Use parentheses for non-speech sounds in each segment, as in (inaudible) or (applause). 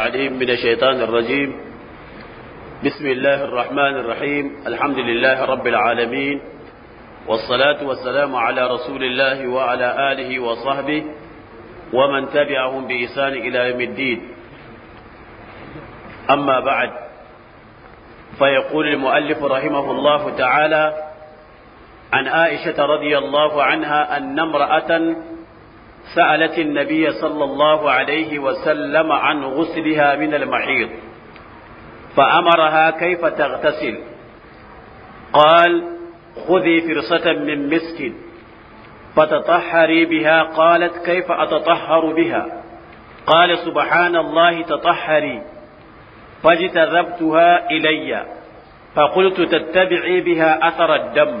عليم من الشيطان الرجيم بسم الله الرحمن الرحيم الحمد لله رب العالمين والصلاة والسلام على رسول الله وعلى آله وصحبه ومن تبعهم بإحسان إلى يوم الدين أما بعد فيقول المؤلف رحمه الله تعالى عن عائشة رضي الله عنها أن امرأة سألت النبي صلى الله عليه وسلم عن غسلها من المحيض فأمرها كيف تغتسل قال خذي فرصة من مسك فتطهري بها قالت كيف أتطهر بها قال سبحان الله تطهري فاجتذبتها إلي فقلت تتبعي بها أثر الدم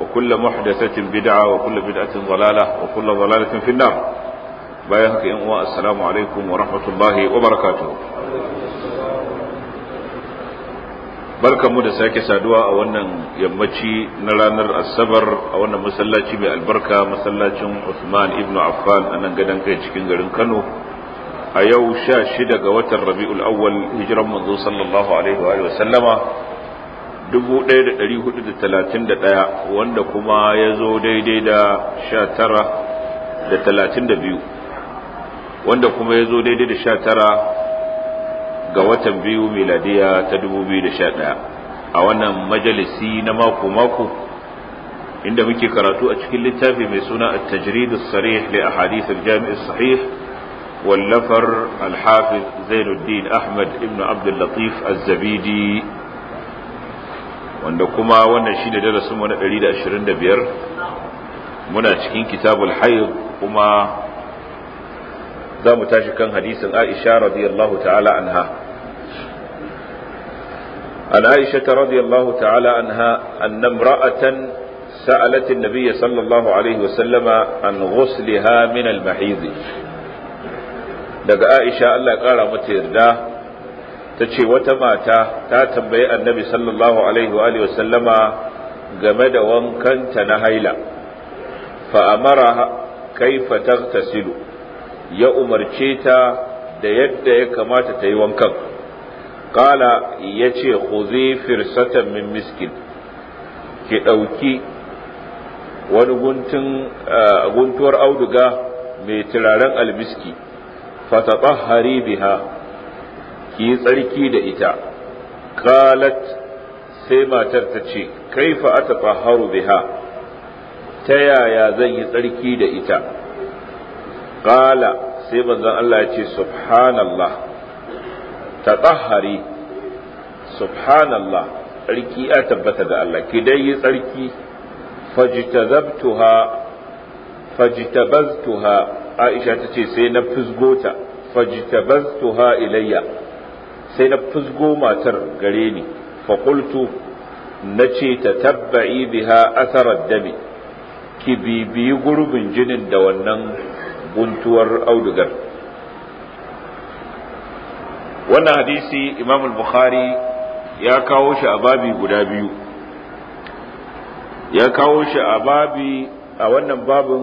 وكل محدثة بدعة وكل بدعة ضلالة وكل ضلالة في النار بايهك إن السلام عليكم ورحمة الله وبركاته barkan mu da sake saduwa a wannan yammaci na ranar asabar a wannan masallaci mai albarka masallacin Usman ibn Affan a nan gadon kai cikin garin Kano a yau sha shida ga watan Rabi'ul Awwal hijiran manzo sallallahu alaihi wa sallama 1431 wanda kuma ya zo daidai da 1932 wanda kuma ya zo daidai da 19 ga watan biyu miladiya ta 2011 a wannan majalisi na mako-mako inda muke karatu a cikin littafi mai suna a tajridus sarih li ahadith al-jami' sahih wallafar alhafi hafiz Zainuddin Ahmad ibn Abdul Latif az-Zabidi wanda kuma wannan shine darasin mu na 125 muna cikin kitabul hayd kuma za mu tashi kan hadisin Aisha radiyallahu ta'ala anha عن عائشة رضي الله تعالى عنها أن امرأة سألت النبي sallallahu alaihi عليه وسلم عن غسلها من المحيض daga Aisha Allah ya kara mata yarda ta ce wata mata ta tambayi annabi sallallahu alaihi wa sallama game da wankanta na haila fa'amara kaifa tagtasilu ya umarce ta da yadda ya kamata ta yi wankan kala ya ce khuzi firsatan min miskin ki ɗauki wani guntuwar auduga mai turaren albiski. fataɓa biha ki yi tsarki da ita qalat sai matar ta ce kaifa atatahharu biha ta yaya zan yi tsarki da ita qala sai manzon Allah ya ce subhanallah Ta tsahari subhanallah tsarki ya tabbata da Allah ki dai yi tsarki fajtazabtuha Aisha ta ce sai na fizgota fajtabaztuha ilayya sai na fusgo matar gare ni faƙultu na ce ta tabba'i biha asarar dami ki bibiyi gurbin jinin da wannan guntuwar audugar wannan hadisi imam bukhari ya kawo shi a babi guda biyu ya kawo shi a babi a wannan babin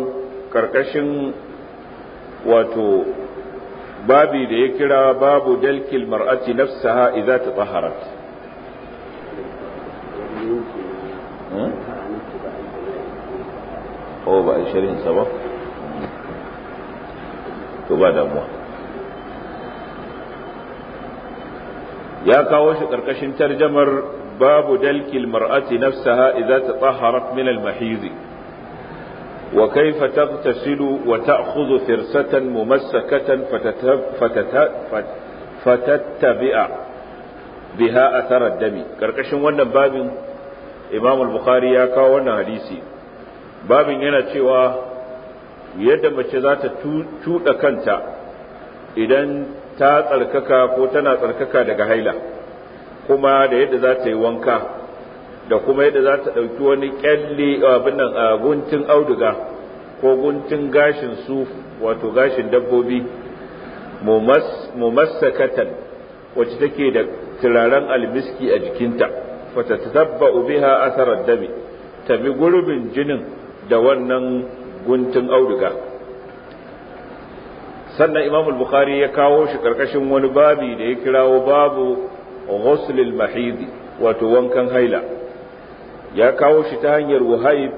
karkashin wato babi da ya kira babu dalkil mar'ati nafsaha idza tatahharat o ba a shirin sa ba to ba damuwa ya kawo shi karkashin tarjamar babu dalkil mar'ati nafsaha idza tatahharat min al-mahizi Wa kai وكيف تغتسل وتأخذ فرسة ممسكة biha a أثر dami. Ƙarƙashin wannan babin Imam al-Bukhari ya kawo wannan hadisi babin yana cewa yadda mace za ta tuda kanta idan ta tsarkaka ko tana tsarkaka daga haila kuma da yadda za ta yi wanka da kuma yadda za ta ɗauki wani kyalle abin nan guntun auduga ko guntun gashin su wato gashin dabbobi mumassakatan wacce take da turaren almiski a jikinta wata tabba'u biha asarar dami ta bi gurbin jinin da wannan guntun auduga sannan imam bukhari ya kawo shi ƙarƙashin wani babi da ya kirawo babu ghuslil mahidi wato wankan haila ya kawo shi ta hanyar wahayib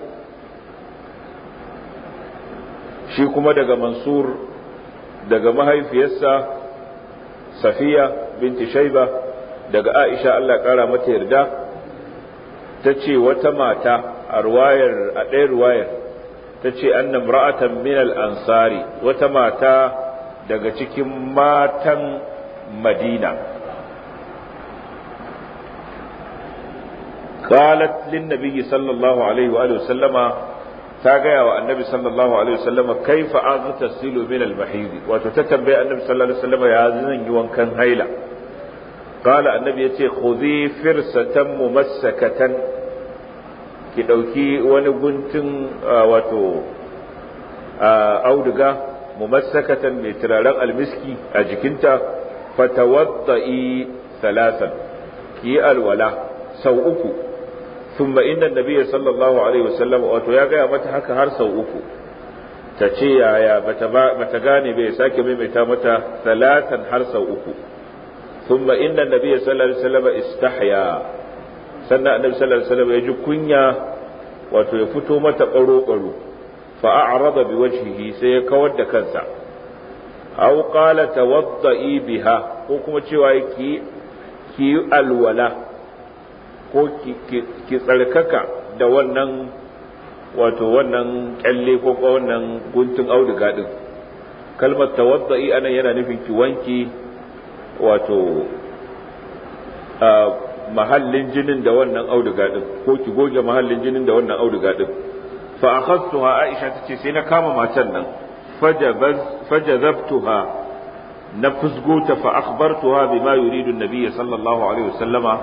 shi kuma daga mansur daga mahaifiyarsa safiya binti shaiba daga aisha allah kara mata yarda ta ce wata mata a ruwayar a ɗaya ruwayar ta ce annam ra'atan minal ansari wata mata daga cikin matan madina qalat lin sallallahu alaihi wa sallama ta gaya wa annabi sallallahu alaihi wasallama kaifa aghtasilu min al-mahid wato ta tambayi annabi sallallahu alaihi wasallama ya zan yi wankan haila qala annabi yace khudhi firsatan mumassakatan ki ɗauki wani guntun wato auduga mumassakatan mai turaren almiski a jikinta fatawaddai salasan ki alwala sau uku thumma inna nabiyya sallallahu alaihi wasallam wato ya gaya mata haka har sau uku ta ce yaya bata gane bai sake maimaita mata talatan har sau uku thumma inna nabiyya sallallahu alaihi wasallam istahya sannan annabi sallallahu alaihi wasallam ya ji kunya wato ya fito mata ƙaro ƙaro fa a'rada bi wajhihi sai ya kawar da kansa aw qala biha ko kuma cewa ki alwala ko ki tsarkaka da wannan wato wannan kyalle ko wannan guntun auduga din kalmar tawadda'i anan yana nufin ki wanki wato mahallin jinin da wannan auduga din ko ki goge mahallin jinin da wannan auduga din fa akhadtuha aisha tace sai na kama matan nan fajazabtuha na fusgota fa akhbartuha bima yuridu an-nabiy sallallahu alaihi wasallama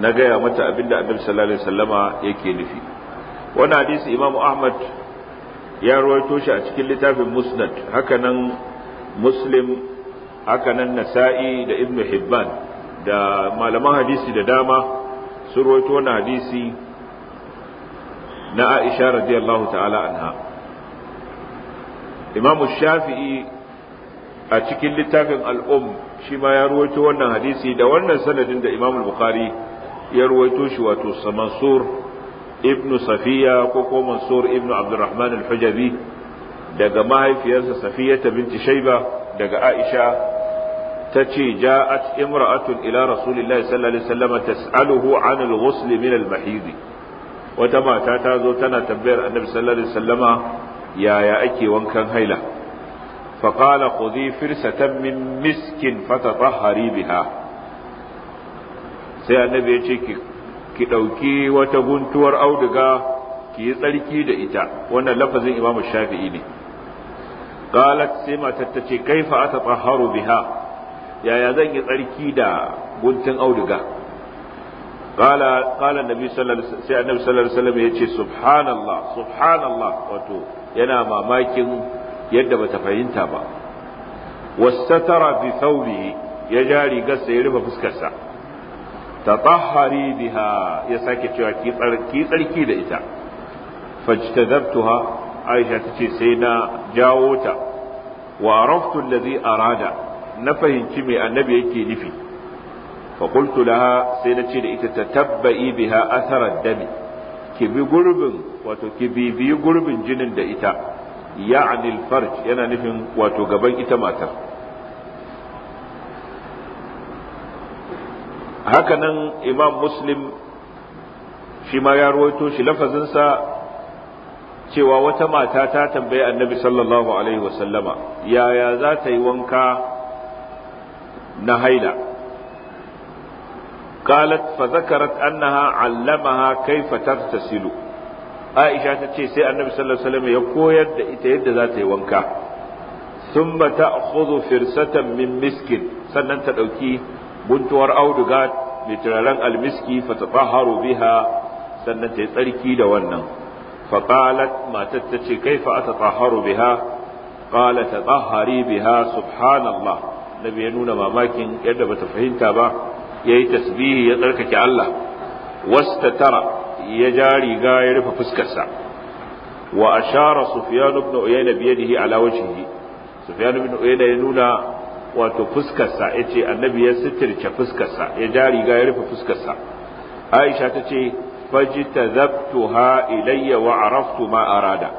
na gaya mata abinda annabi sallallahu alaihi wasallama yake nufi Wani hadisi imamu ahmad ya ruwaito shi a cikin littafin musnad hakanan muslim hakanan nasa'i da ibn hibban da malaman hadisi da dama sun ruwaito wannan hadisi na aisha radiyallahu ta'ala anha imamu shafi'i a cikin littafin al'um shi ma ya ruwaito wannan hadisi da wannan sanadin da imam bukhari ya ruwaito shi wato mansur ibn safiya ko ko mansur ibnu abdurrahman al-hujabi daga mahaifiyarsa ta binti shaiba daga aisha ta ce ja'at imra'atun ila rasulillahi sallallahu alaihi wasallam tas'aluhu 'an al-ghusl min al-mahid wata mata ta zo tana tambayar annabi sallallahu alaihi wasallama yaya ake wankan haila فقال خذي فرسة من مسك فتطهري بها sai annabi ya ce ki ɗauki wata guntuwar auduga ki yi tsarki da ita wannan lafazin imamu shafi'i ne qalat sai matar ta ce kaifa atatahharu biha yaya zan yi tsarki da guntun auduga qala qala annabi sallallahu sai annabi sallallahu alaihi wasallam yace subhanallah subhanallah wato yana mamakin yadda bata fahimta ba wastatara bi thawbihi ya jari gasa ya rufe fuskarsa tatahhari biha ya sake cewa ki tsarki da ita fajtadabtuha aisha tace sai na jawo ta wa araftu allazi arada na fahimci me annabi yake nufi fa laha sai na ce da ita ta tabba'i biha asarar dami ki bi gurbin wato ki bibiyi gurbin jinin da ita ya'ni alfarj yana nufin wato gaban ita matar hakanan imam muslim shi ma ya ruwaito shi lafazinsa cewa wata mata ta tambayi annabi sallallahu alaihi wasallama yaya za ta yi wanka na haila قالت فذكرت أنها علمها كيف تغتسل عائشة تتشي سي النبي صلى الله عليه وسلم يقول يد إتيد ذات wanka. ثم تأخذ فرسة من مسك sannan ta ɗauki guntuwar auduga mai turaren almiski fatataharu biha sannan ta yi tsarki da wannan faqalat matar ta ce kaifa atataharu biha qala tatahari biha subhanallah na ya nuna mamakin yadda bata fahimta ba yayi tasbihi ya tsarkake Allah tara ya ja riga ya rufe fuskarsa wa ashara sufyan ibn uyayna biyadihi ala wajhihi sufyan ibn uyayna ya nuna wato fuskarsa ya ce annabi ya sitirce fuskarsa ya ja riga ya rufe fuskarsa aisha ta ce ha ilayya wa araftu ma arada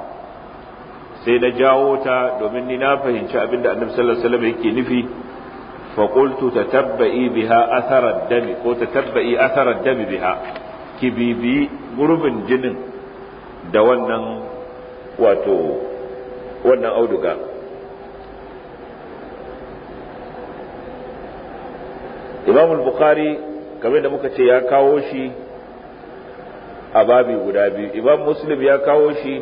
sai na jawo ta domin ni na fahimci abin da annabi sallallahu alaihi wasallam yake nufi fa qultu tatabba'i biha athara ad-dami ko tatabba'i athara ad-dami biha ki bibi gurbin jinin da wannan wato wannan auduga imam bukhari kamar da muka ce ya kawo shi a babi guda biyu imam muslim ya kawo shi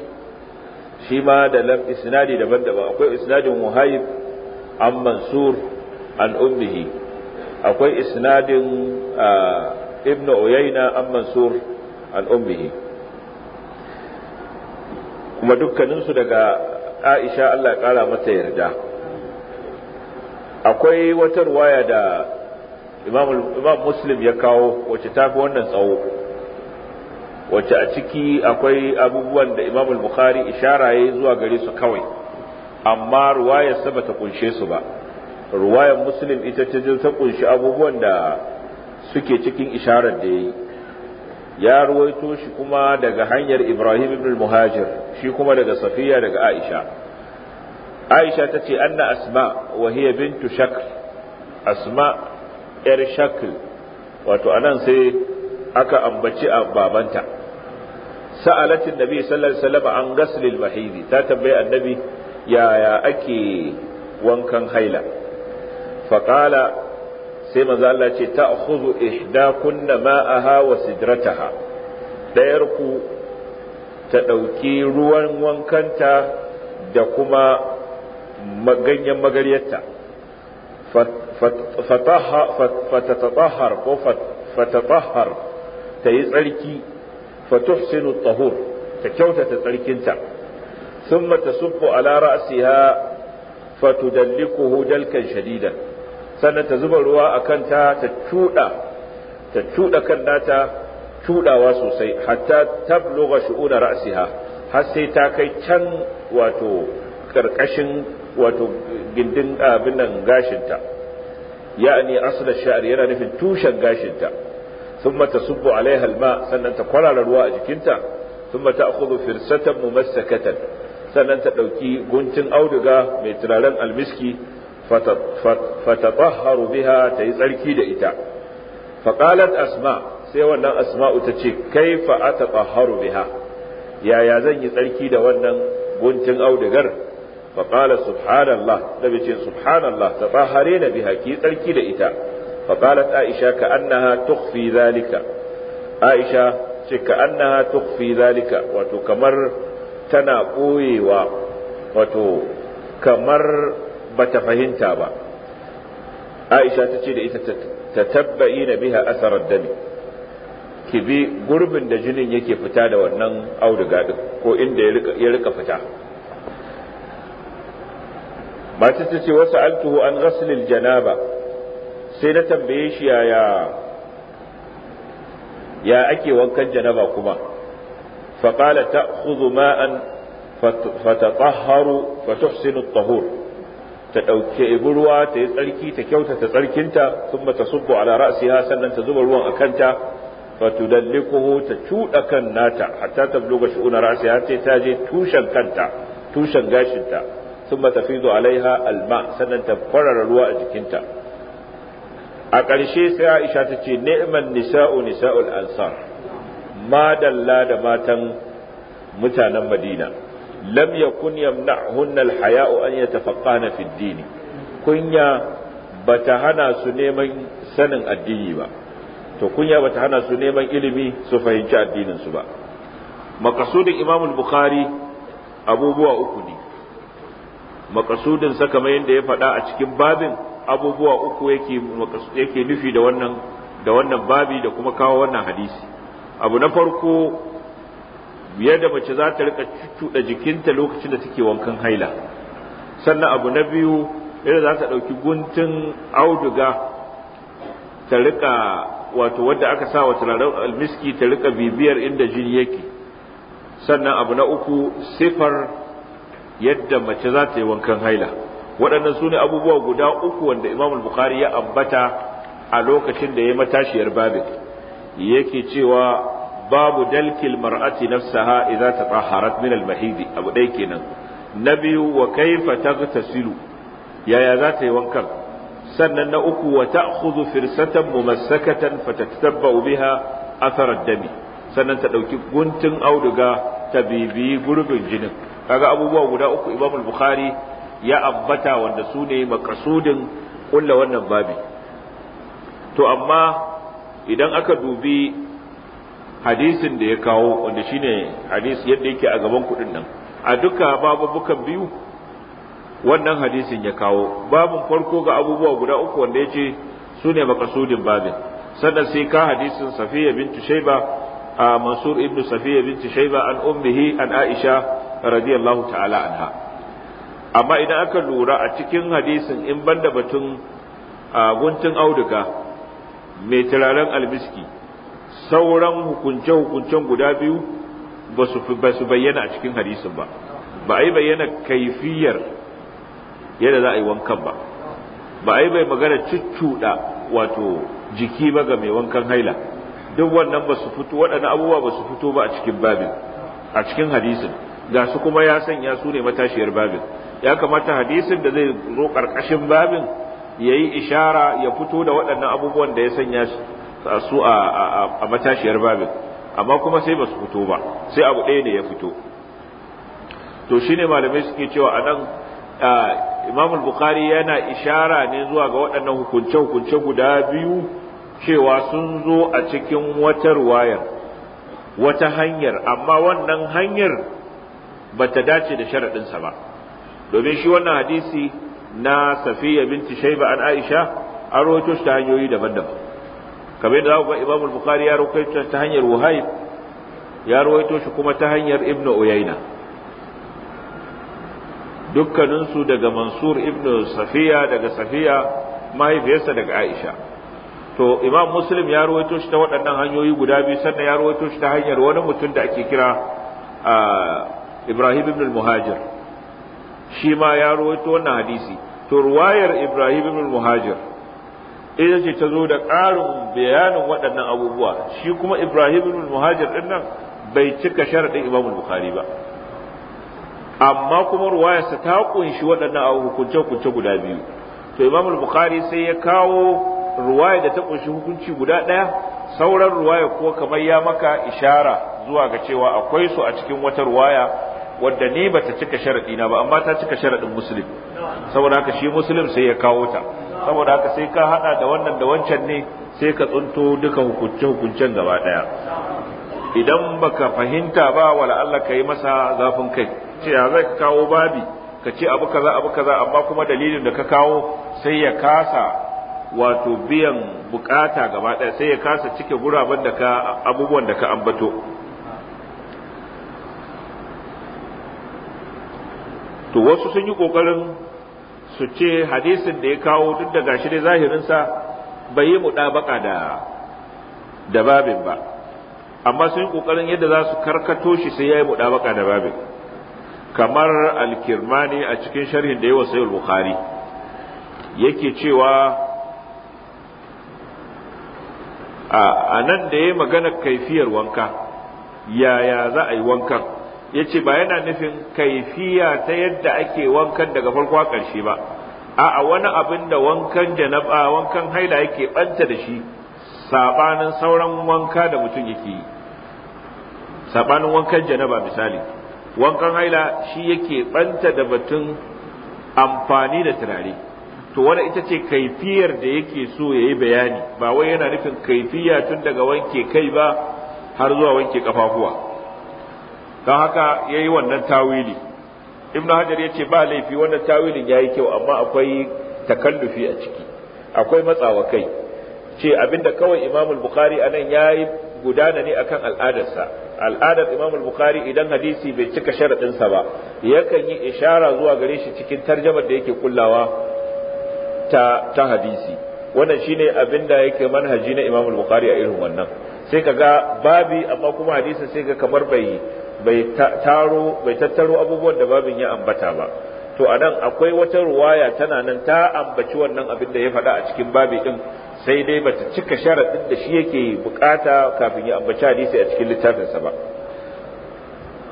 shi ma da isnadi daban-daban akwai isnadin muhayib an mansur an ummihi akwai isnadin ibn uyayna an mansur an ummihi kuma dukkaninsu daga aisha allah kara mata yarda akwai wata ruwaya da imam muslim ya kawo wacce ta fi wannan tsawo wacce a ciki akwai abubuwan da imam bukhari ishara ya zuwa gare su kawai amma ruwayar sa ta kunshe su ba ruwayar muslim ita ta ta kunshi abubuwan da suke cikin isharar da ya yi ya ruwaito shi kuma daga hanyar ibrahim ibn muhajir shi kuma daga safiya daga aisha aisha ta ce anna asma wa hiya bintu shakr asma yar shakl wato anan sai aka ambaci a babanta sa'alatin nabi sallallahu alaihi wasallam an gaslil mahidi ta tambaye annabi yaya ake wankan haila Faƙala sai manzo Allah ce ta'khudhu ihdakunna ma'aha wa sidrataha dayar ku ta dauki ruwan wankanta da kuma ganyen magaryarta fatatahar ko fatatahar ta yi tsarki fatuhsinu tahur ta kyautata tsarkinta thumma tasubbu ala ra'siha fatudallikuhu dalkan shadidan sannan ta zuba ruwa a kanta ta cuda ta cudawa sosai hatta tablugha shu'una ra'siha har sai ta kai can wato karkashin wato gindin abin nan gashinta ya'ani asla sha'r yana nufin tushen gashinta thumma tasubbu alaiha alma sannan ta kwarara ruwa a jikinta mata thumma ta'khudhu firsatan mumassakatan sannan ta ɗauki guntun auduga mai turaren almiski fatatahharu biha ta yi tsarki da ita faqalat asma sai wannan asma'u ta ce kaifa atatahharu biha yaya zan yi tsarki da wannan guntun audugar fa qala subhanallah nabi ce subhanallah tatahharina biha ki tsarki da ita fa qalat aisha ka annaha tukhfi zalika aisha ce ka annaha tukhfi zalika wato kamar tana koyewa wato kamar bata fahimta ba aisha ta ce da ita ta tabba'i na biha asarar dami ki bi gurbin da jinin yake fita da wannan auduga ko inda ya rika fita mata ta ce wasu altuhu an ghaslil janaba sai na tambaye shi yaya ya ake wankan janaba kuma faƙala ta huzu ma'an fatatahharu fatuhsinu tahur ta ɗauke ruwa ta yi tsarki ta kyautata tsarkinta sun ta subbu ala ha sannan ta zuba ruwan a kanta fatudallikuhu ta cuɗa kan nata hatta ta bluga shi'una ra'siha sai ta je tushen kanta tushen gashinta thumma tafidu alaiha alma sannan ta kwarara ruwa a jikinta a ƙarshe sai Aisha ta ce ni'man nisa'u nisa'ul ansar madalla da matan mutanen Madina lam yakun yamna'hunna alhaya'u an yatafaqqahna fid din kunya bata hana su neman sanin addini ba to kunya bata hana su neman ilimi su fahimci addinin su ba makasudin imamul bukhari abubuwa uku ne makasudin sa kamar yadda ya faɗa a cikin babin abubuwa uku yake nufi da wannan da wannan babi da kuma kawo wannan hadisi abu na farko yadda mace za ta rika cuɗa jikinta lokacin da take wankan haila sannan abu na biyu yadda za ta ɗauki guntun auduga ta rika wato wadda aka sa wa turaren almiski ta rika bibiyar inda jini yake sannan abu na uku sifar yadda mace za ta yi wankan haila waɗannan su ne abubuwa guda uku wanda imam bukhari ya ambata a lokacin da ya matashiyar babin yake cewa babu dalkil mar'ati nafsaha idza tatahharat min al-mahidi abu dai kenan na biyu wa kaifa taghtasilu yaya za ta yi wankan sannan na uku wa ta'khudhu firsatan mumassakatan fatatabba'u biha athar ad-dami sannan ta dauki guntun auduga ta bibi gurbin jinin kaga abubuwa guda uku imam bukhari ya ambata wanda su ne makasudin kulla wannan babi to amma idan aka dubi hadisin da ya kawo wanda shine hadisi yadda yake a gaban kudin nan a duka babubukan biyu wannan hadisin ya kawo Babu farko ga abubuwa guda uku wanda ya ce su ne makasudin babin sannan sai ka hadisin safiya bintu shaiba a mansur ibnu safiya bintu shaiba an ummihi an aisha radiyallahu ta'ala anha amma idan aka lura a cikin hadisin in banda batun guntun auduga mai turaren albiski sauran hukunce-hukuncen guda biyu ba su bayyana a cikin hadisin ba ba a bayyana kaifiyar yadda za a yi wankan ba ba a yi bai magana cuccuɗa wato jiki ba ga mai wankan haila duk wannan ba su fito waɗannan abubuwa ba su fito ba a cikin babin a cikin hadisin ga su kuma ya sanya su ne matashiyar babin ya kamata hadisin da zai zo karkashin babin ya yi ishara ya fito da waɗannan abubuwan da ya sanya su a matashiyar babin amma kuma sai ba su fito ba sai abu ɗaya ne ya fito to shine malamai suke cewa a nan imam bukhari yana ishara ne zuwa ga waɗannan hukunce-hukunce guda biyu cewa sun zo a cikin wata ruwayar wata hanyar amma wannan hanyar ba ta dace da sharaɗinsa ba domin shi wannan hadisi na safiya binti shaiba an aisha an rawaito shi ta hanyoyi daban-daban kamar yadda za ga imamu bukhari ya rawaito ta hanyar wahayib ya rawaito shi kuma ta hanyar ibn uyaina dukkaninsu daga mansur ibnu safiya daga safiya mahaifiyarsa daga aisha to imam muslim ya rawaito shi ta waɗannan hanyoyi guda biyu sannan ya rawaito shi ta hanyar wani mutum da ake kira ah, ibrahim ibn al-muhajir shi ma ya rawaito wannan hadisi to ruwayar ibrahim ibn al-muhajir ita ce ta zo da ƙarin bayanin waɗannan abubuwa shi kuma ibrahim ibn al-muhajir din nan bai cika sharaɗin imam al-bukhari ba amma kuma ruwayarsa ta kunshi waɗannan abu hukunce-hukunce guda biyu to imam al-bukhari sai ya kawo ruwaya da ta kunshi hukunci guda ɗaya sauran ruwaya ko kamar ya maka ishara zuwa ga cewa akwai su a cikin wata ruwaya wadda ni bata cika sharadi na ba amma ta cika sharaɗin musulun saboda haka shi musulun sai ya kawo ta saboda haka sai ka haɗa da wannan da wancan ne sai ka tsunto duka hukunce hukuncen gaba daya idan baka fahimta ba wala Allah ka yi masa zafin kai ce ya zai kawo babi ka ce abu kaza abu kaza amma kuma dalilin da ka kawo sai ya kasa wato biyan bukata gaba ɗaya sai ya kasa cike guraben da ka abubuwan da ka ambato to wasu sun yi kokarin su ce hadisin da ya kawo duk da gashi dai zahirinsa bai yi mudabaka da da babin ba amma sun yi kokarin yadda za su karkato shi sai ya yi mudabaka da babin kamar al-kirmani a cikin sharhin da yawa al bukhari yake cewa a nan da ya magana kaifiyar wanka yaya za a yi wankan Ya ce ba yana nufin kaifiya ta yadda ake wankan daga farko a ƙarshe ba a'a wani abin da wankan janaba wankan haila yake banta da shi sabanin sauran wanka da mutum yake yi sabanin wankan janaba misali wankan haila shi yake ɓanta da batun amfani da turare to wani ita ce kaifiyar da yake so ya yi bayani ba wai yana nufin kaifiya tun daga wanke kai ba har zuwa wanke kafafuwa don haka ya yi wannan tawili ibnu hajar ya ce ba laifi wannan tawilin ya yi kyau amma akwai takallufi a ciki akwai matsawa kai ce abinda kawai imamul bukari a nan ya yi gudana ne akan al'adarsa al'adar imamul bukhari idan hadisi bai cika sharaɗinsa ba yakan yi ishara zuwa gare shi cikin tarjamar da yake kullawa ta, hadisi wannan shine abinda yake manhaji na imamul bukhari a irin wannan sai ka ga babi amma kuma hadisi sai ga kamar bai bai taro bai tattaro abubuwan da babin ya ambata ba to anan akwai wata ruwaya tana nan ta ambaci wannan abin da ya faɗa a cikin babi din sai dai bata cika sharaɗin da shi yake bukata kafin ya ambaci hadisi a cikin littafinsa ba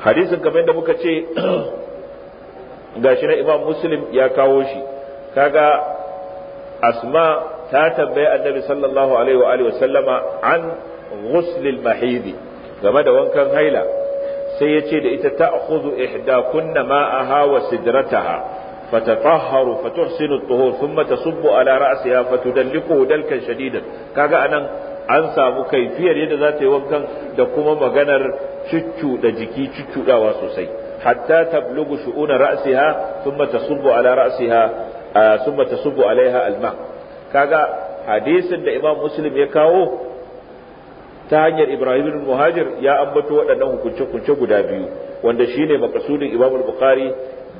hadisin kamar da muka ce (clears throat) gashi na imam muslim ya kawo shi kaga asma ta tambayi annabi sallallahu alaihi wa alihi wa sallama an ghuslil mahidi game da wankan haila sai ya ce da ita ta ta'khudhu ihdakunna ma'aha wa sidrataha فتطهر فتحسن الطهور ثم تصب على رأسها فتدلقه دلكا شديدا كاغا anan an samu kaifiyar yadda za ta yi wankan da kuma maganar cuccu da jiki cuccuɗawa sosai hatta tablugu shu'una ra'siha thumma tasubbu ala ra'siha thumma tasubbu alaiha alma kaga hadisin da Imam Muslim ya kawo ta hanyar Ibrahim bin Muhajir ya ambato waɗannan hukunce-hukunce guda biyu wanda shi shine makasudin Imam Bukhari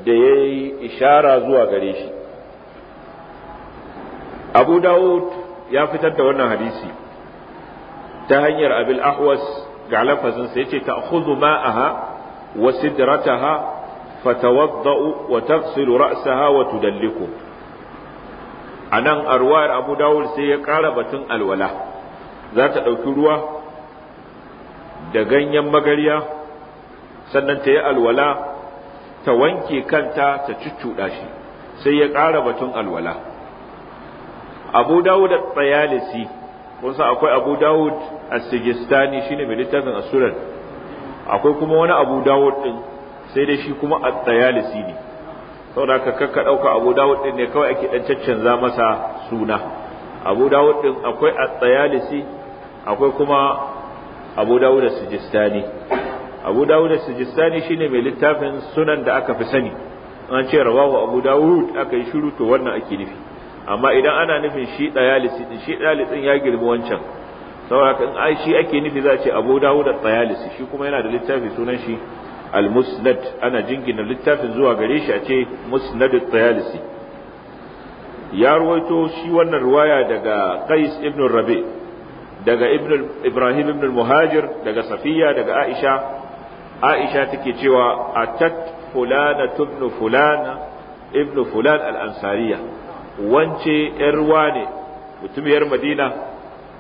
da ya yi ishara zuwa gare shi Abu Dawud ya fitar da wannan hadisi ta hanyar Abil Ahwas ga lafazin sa yace ta'khudhu ma'aha wa sidrataha fatawadda'u wa taghsilu ra'saha wa tudalliku anan arwayar Abu Dawud sai ya ƙara batun alwala za ta ɗauki ruwa da ganyen magarya sannan ta yi alwala ta wanke kanta ta cuccuɗa shi sai ya ƙara batun alwala abu dawud tsayalisi kun sa akwai abu dawud a sijistani shine mai littafin asuran akwai kuma wani abu dawud din sai dai shi kuma a tayalisi ne saboda ka kakka dauka abu dawud din ne kawai ake dan caccanza masa suna abu dawud din akwai a tayalisi akwai kuma abu dawud as-sijistani abu dawud as-sijistani shine mai littafin sunan da aka fi sani an ce rawahu abu dawud aka yi shiru to wannan ake nufi amma idan ana nufin shi dayalisi din shi dayalisin ya girbi wancan saboda kan ai shi ake nufi za a ce abu dawud at-tayalisi shi kuma yana da littafi sunan shi al-musnad ana jingina littafin zuwa gare shi a ce musnad at-tayalisi ya ruwaito shi wannan ruwaya daga qais ibn rabi' daga ibrahim ibn muhajir daga safiya daga aisha aisha take cewa atat fulana tubnu fulana ibn fulan al-ansariya wance yarwa ne mutumiyar madina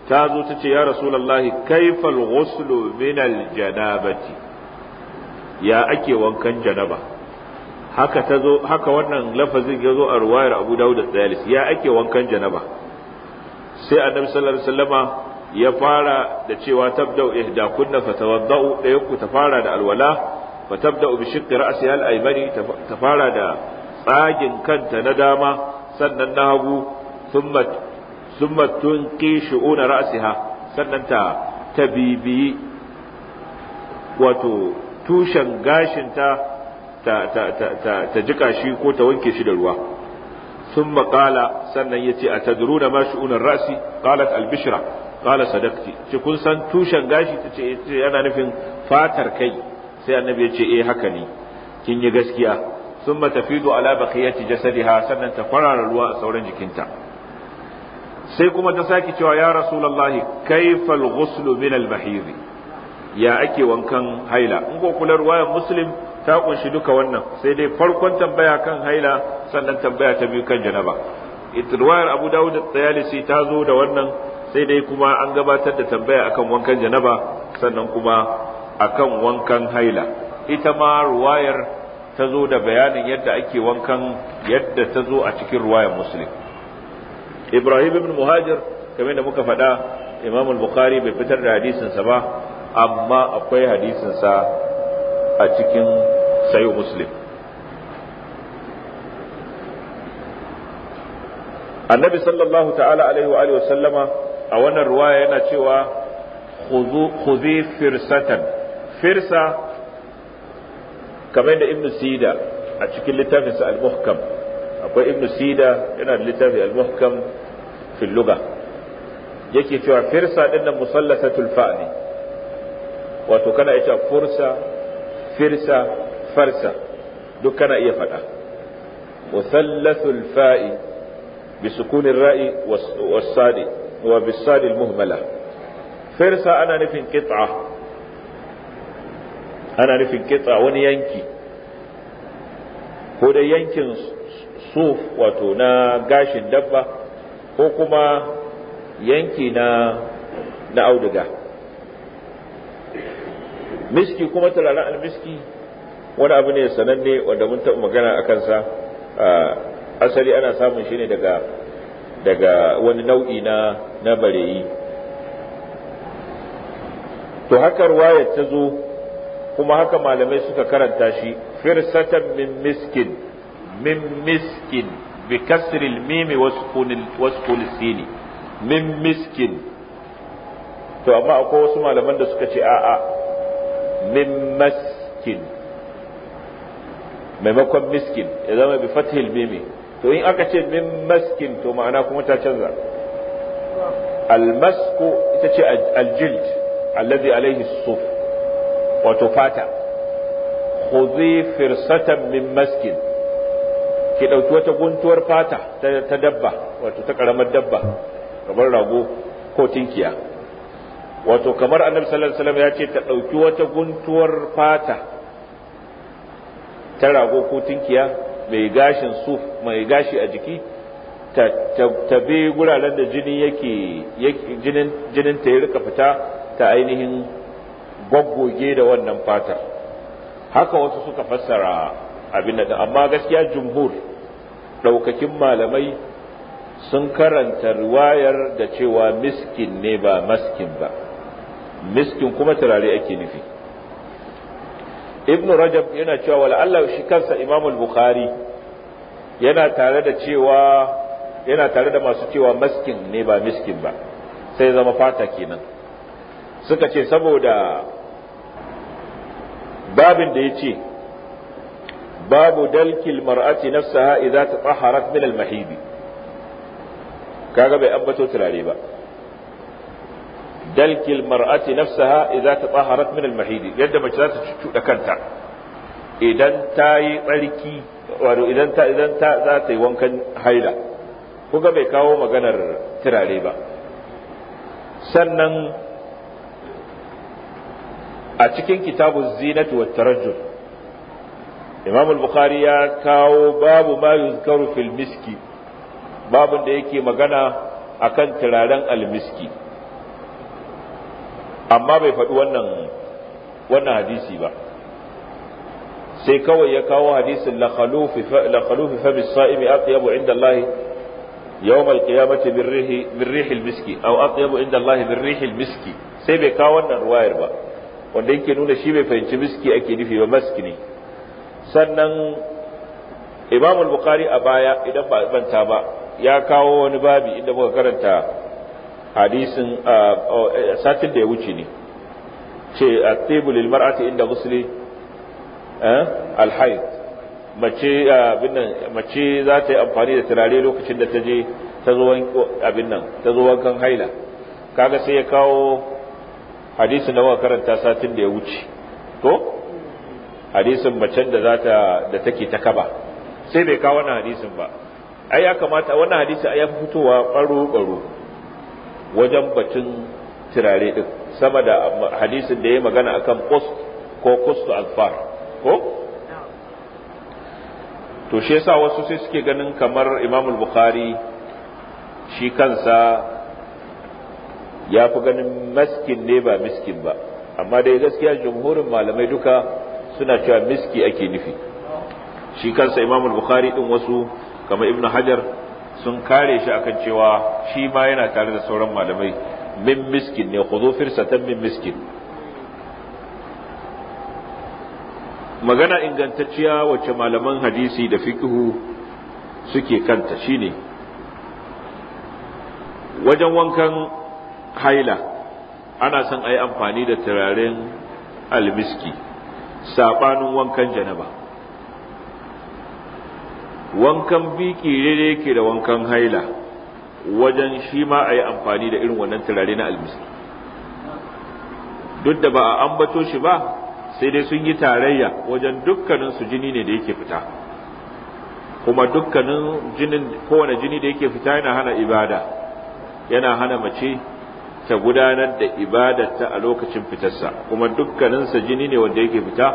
ta zo ta ce ya rasulallahi kaifal ghuslu min janabati ya ake wankan janaba haka ta zo haka wannan lafazin ya zo a ruwayar abu dawud da ya ake wankan janaba sai annabi sallallahu alaihi wasallama ya fara da cewa tabda'u fa fatawadda'u da ku ta fara da alwala fatabda'u bi shiqqi ra'si al-aymani ta fara da tsagin kanta na dama sannan na hagu thumma thumma tunqi shu'una ra'siha sannan ta tabibi wato tushen gashin ta ta ta ta jika shi ko ta wanke shi da ruwa sun qala sannan yace atadruna mashi shu'unar ra'si qalat albishira. kala sadakti ce kun san tushen gashi tace yana nufin fatar kai sai annabi ya ce eh haka ne kin yi gaskiya sun tafidu ala baqiyati jasadiha sannan ta kwarara ruwa a sauran jikinta sai kuma ta saki cewa ya rasulullahi kaifal ghusl min al ya ake wankan haila in ko kula ruwayan muslim ta kunshi duka wannan sai dai farkon tambaya kan haila sannan tambaya ta biyu kan janaba ruwayar abu dawud da tsayalisi ta zo da wannan sai dai kuma an gabatar da tambaya akan wankan janaba sannan kuma akan wankan haila ita ma ruwayar ta zo da bayanin yadda ake wankan yadda ta zo a cikin ruwayar muslim ibrahim ibn muhajir kamar da muka faɗa imam al-bukhari bai fitar da hadisinsa ba amma akwai hadisinsa a cikin sayo muslim annabi sallallahu ta'ala alaihi wa sallama a wannan ruwa yana cewa khuzi firsatan firsa kamar da Ibn sida a cikin littafinsa al-muhkam akwai Ibn sida yana da littafi al-muhkam fil lugha yake cewa firsa din nan musallasatul fa ne wato kana iya fursa firsa farsa duk kana iya faɗa musallasul fa'i bi sukunin ra'i was sadi wa bisad muhmala firsa ana nufin kit'a ana nufin kit'a wani yanki ko da yankin suf wato na gashin dabba ko kuma yanki na na auduga miski kuma turaren almiski wani abu ne sananne wanda mun taɓa magana a kansa ah, asali ana samun shi ne daga daga wani nau'i na na bareyi to haka ruwaya ta zo kuma haka malamai suka karanta shi firsatan min miskin min miskin bi kasril mimi wasqul sini min miskin to amma akwai wasu malaman da suka ce a'a min maskin maimakon miskin ya zama bi fathil mimi to in aka ce min maskin to ma'ana kuma ta canza almasku ita ce aljild allazi alaihi suf wato fata khudhi firsatan min maskin ki dauki wata guntuwar fata ta dabba wato ta karamar dabba kamar rago ko tinkiya wato kamar annabi sallallahu alaihi wasallam ya ce ta dauki wata guntuwar fata ta rago ko tinkiya mai gashin suf mai gashi a jiki ta bi guraren da jini yake jinin ta ya rika fita ta ainihin gwaggoge da wannan fata, haka wasu suka fassara abin da amma gaskiya jumhur ɗaukakin malamai sun karanta riwayar da cewa miskin ne ba maskin ba miskin kuma turare ake nufi ibnu rajab yana cewa wala'alla shi kansa imamul bukhari yana tare da cewa yana tare da masu cewa maskin ne ba miskin ba sai zama fata kenan suka ce saboda babin da ya ce babu dalkil mar'ati nafsaha idza tatahharat min al mahidi kaga bai ambato turare ba dalkil mar'ati nafsaha idza tataharat min al-mahid yadda mace za ta cuɗa kanta idan ta yi wato idan ta idan ta za ta yi wankan haila kuga bai kawo maganar turare ba sannan a cikin kitabu zinatu wa tarajjul imam al-bukhari ya kawo babu ma yuzkaru fil miski babun da yake magana akan turaren almiski amma bai faɗi wannan wannan hadisi ba sai kawai ya kawo hadisin la khalufi la khalufi fa bis sa'imi atyabu inda Allah yawm al-qiyamati bir rihi al-miski aw atyabu inda Allah bir al-miski sai bai kawo wannan ruwayar ba wanda yake nuna shi bai fahimci miski ake nufi ba maski ne sannan Imam al-Bukhari a baya idan ba banta ba ya kawo wani babi inda muka karanta hadisin e, satin da ya wuce ne ce eh, a ilmar lilmar'ati inda musuli alhaid mace za ta yi amfani da turare lokacin da ta je ta zo abin nan ta zo wankan haila kaga sai ya kawo hadisin da muka karanta satin da ya wuce ko hadisin macen da za ta da take ta kaba sai bai kawo wannan hadisin ba ai ya kamata wannan hadisi ai ya fitowa baro baro wajen batun turare din sama da hadisin da ya magana akan post ko qustu alfar ko to shi yasa wasu sai suke ganin kamar Imam al-Bukhari shi kansa ya fi ganin maskin ne ba miskin ba amma dai gaskiya jumhurin malamai duka suna cewa miski ake nufi shi kansa Imam al-Bukhari din wasu kamar Ibn Hajar sun kare shi akan cewa shi ma yana tare da sauran malamai min miskin ne zo firsatan min miskin magana ingantacciya wacce malaman hadisi da fiqhu suke kanta shine wajen wankan haila ana son a yi amfani da turaren almiski saɓanin wankan janaba wankan biki daidai yake da wankan haila wajen shi ma a yi amfani da irin wannan turare na almiski duk da ba a ambato shi ba sai dai sun yi tarayya wajen dukkanin su jini ne da yake fita kuma dukkanin jinin kowane jini da yake fita yana hana ibada yana hana mace ta gudanar da ibadarta a lokacin fitarsa kuma dukkaninsa jini ne wanda yake fita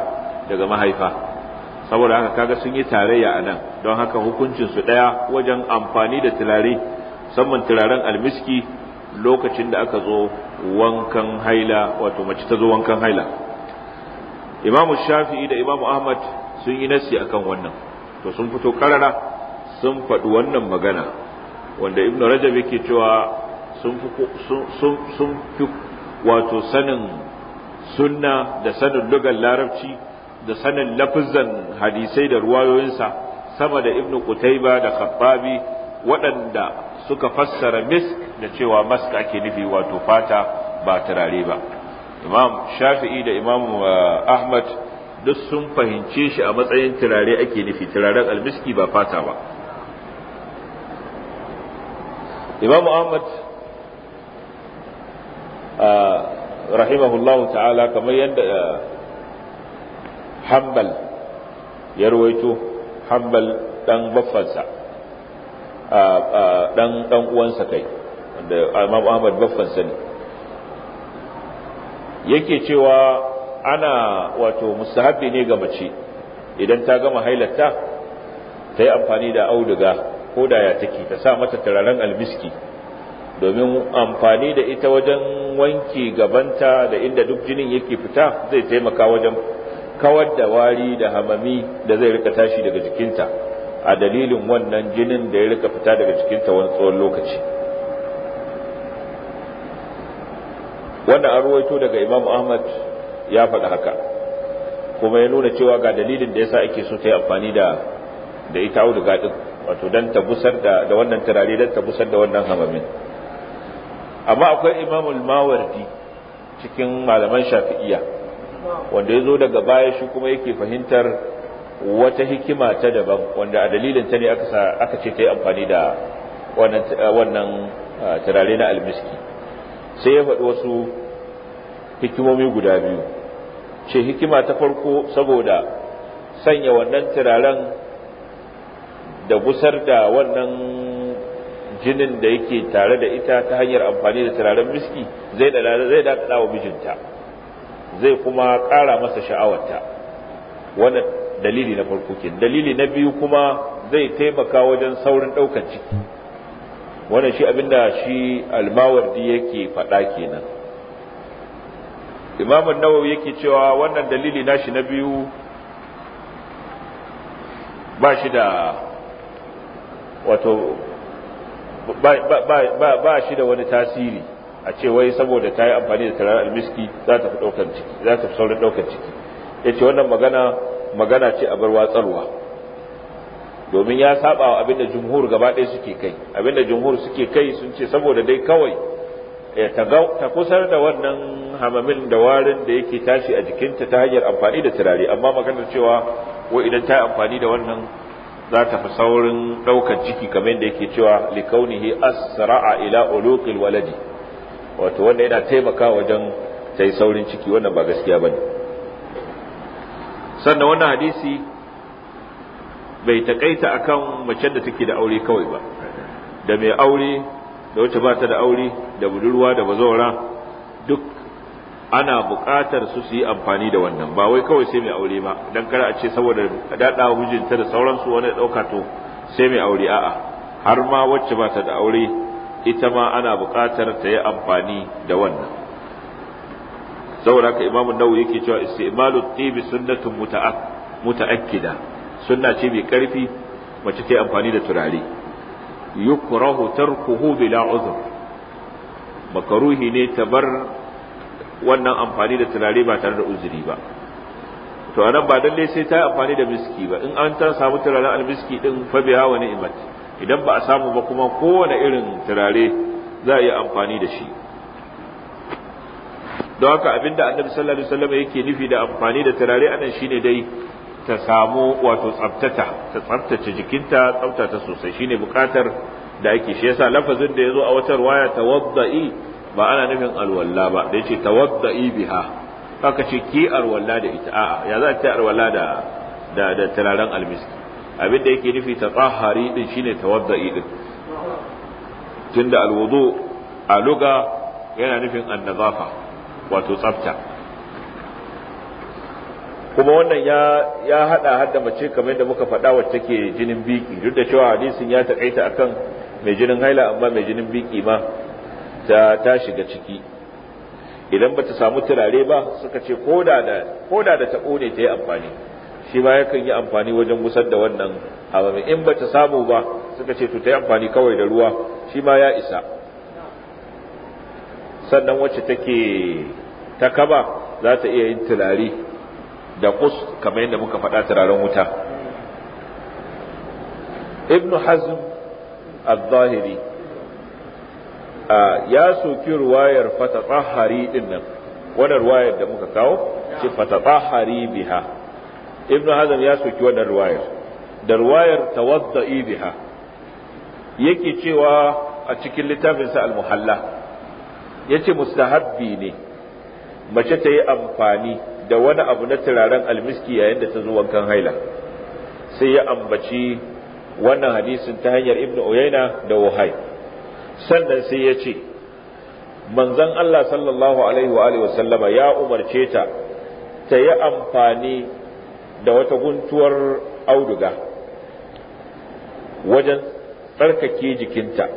daga mahaifa saboda haka kaga sun yi tarayya a nan don haka hukuncin su daya wajen amfani da turare musamman turaren almiski lokacin da aka zo wankan haila wato mace ta zo wankan haila imam shafi'i da imam ahmad sun yi nasi akan wannan to sun fito karara sun faɗi wannan magana wanda ibn rajab yake cewa sun fi wato sanin sunna da sanin lugar larabci da sanin lafizan hadisai da ruwayoyinsa sama da ibnu Qutayba da Khattabi waɗanda suka fassara misk da cewa mask ake nufi wato fata ba turare ba imam shafi'i da imam uh, ahmad duk sun fahimce shi a matsayin turare ake nufi turaren almiski ba fata ba imam ahmad uh, rahimahullahu ta'ala kamar yadda uh, Hambal ya ruwaito hambal dan baffansa dan dan uwansa kai wanda Imam Ahmad baffansa ne yake cewa ana wato mustahabbi ne ga mace idan ta gama hailata ta yi amfani da auduga ko da ya take ta sa mata turaren albiski domin amfani da ita wajen wanki gabanta da inda duk jinin yake fita zai taimaka wajen kawar da wari da hamami da zai rika tashi daga jikinta a dalilin wannan jinin da ya rika fita daga jikinta wani tsawon lokaci wannan an ruwaito daga imam ahmad ya faɗi haka kuma ya nuna cewa ga dalilin da ya yasa ake so ta yi amfani da da ita auduga ɗin wato don ta busar da wannan turare dan ta busar da wannan hamamin amma akwai imamul mawardi cikin malaman shafi'iyya wanda ya zo daga baya shi kuma yake fahimtar wata hikima ta daban wanda a dalilin ta ne aka ce ta yi amfani da wannan turare na almiski sai ya faɗi wasu hikimomi guda biyu ce hikima ta farko saboda sanya wannan turaren da gusar da wannan jinin da yake tare da ita ta hanyar amfani da turaren miski zai da wa mijinta zai kuma ƙara masa sha'awarta wanda dalili na farko ke dalili na biyu kuma zai taimaka wajen saurin ɗaukar ciki Wani shi abinda shi almawardi yake faɗa kenan imamun nawawi yake cewa wannan dalili nashi na biyu ba shi da wato ba shi da wani tasiri a ce wai saboda ta yi amfani da turaren almiski za ta fi ɗaukar ciki za ta fi saurin ɗaukar ciki ya ce wannan magana magana ce a bar watsarwa domin ya saba wa abinda jumhur gaba ɗaya suke kai abinda jumhur suke kai sun ce saboda dai kawai eh, ta kusar da wannan hamamin da warin da yake tashi a jikinta ta hanyar amfani da turare amma maganar cewa wai idan ta yi amfani da wannan za ta fi saurin ɗaukar ciki kamar yadda yake cewa likaunihi asra'a ila uluqil waladi wato wanda yana taimaka wajen ta saurin ciki wannan ba gaskiya ba ne sannan wannan hadisi bai takaita akan mace da take da aure kawai ba da mai aure da wacce ba ta da aure da budurwa da bazawara duk ana buƙatar su su yi amfani da wannan ba wai kawai sai mai aure ba dan kar a ce saboda daɗa mijinta da sauransu wani ɗauka to sai mai aure a'a har ma wacce ba ta da aure ita ma ana buƙatar ta yi amfani da wannan saboda haka imamu nawawi yake cewa istimalu tibi sunnatun muta'akkida sunna ce mai karfi mace ta yi amfani da turare yukrahu tarkuhu bila uzur makaruhi ne ta bar wannan amfani da turare ba tare da uzuri ba to anan ba lallai sai ta yi amfani da miski ba in an ta samu turaren almiski din fa biha wani imati idan ba a samu ba kuma kowane irin turare za a yi amfani da shi don haka abin da annabi sallallahu alaihi wasallam yake nufi da amfani da turare anan shine dai ta samu wato tsabtata ta tsabtace jikinta tsabtata sosai shine bukatar da ake shi yasa lafazin da yazo a wata riwaya tawadda'i ba ana nufin alwalla ba da yace tawadda'i biha haka ce ki alwalla da ita a'a ya za ta alwalla da da turaren almiski abin da yake nufi ta tsahari din shine tawadda'i din tunda alwudu a luga yana nufin annazafa wato tsafta kuma wannan ya ya hada hadda mace kamar yadda muka faɗa wacce ke jinin biki duk da cewa hadisin ya takaita akan mai jinin haila amma mai jinin biki ma ta ta shiga ciki idan bata samu turare ba suka ce koda da koda da ta ne ta yi amfani shi ma yakan yi amfani wajen gusar da wannan hamami in ba ta samu ba suka ce to ta yi amfani kawai da ruwa shi ma ya isa sannan wacce take ta kaba za ta iya yin turare da kus kamar yadda muka faɗa turaren wuta ibnu hazm al-zahiri ya soki ruwayar fata tsahari din nan wadda ruwayar da muka kawo ce fata tsahari biha ibnu hazm ya soki wannan ruwayar da ruwayar tawadda'i biha yake cewa a cikin littafinsa al-muhalla yace mustahabbi ne mace ta yi amfani da wani abu na turaren almiski yayin da ta zo wankan haila sai ya ambaci wannan hadisin ta hanyar ibnu uyaina da wahai sannan sai ya ce manzon Allah sallallahu alaihi wa sallama ya umarce ta ta yi amfani da wata guntuwar auduga wajen tsarkake jikinta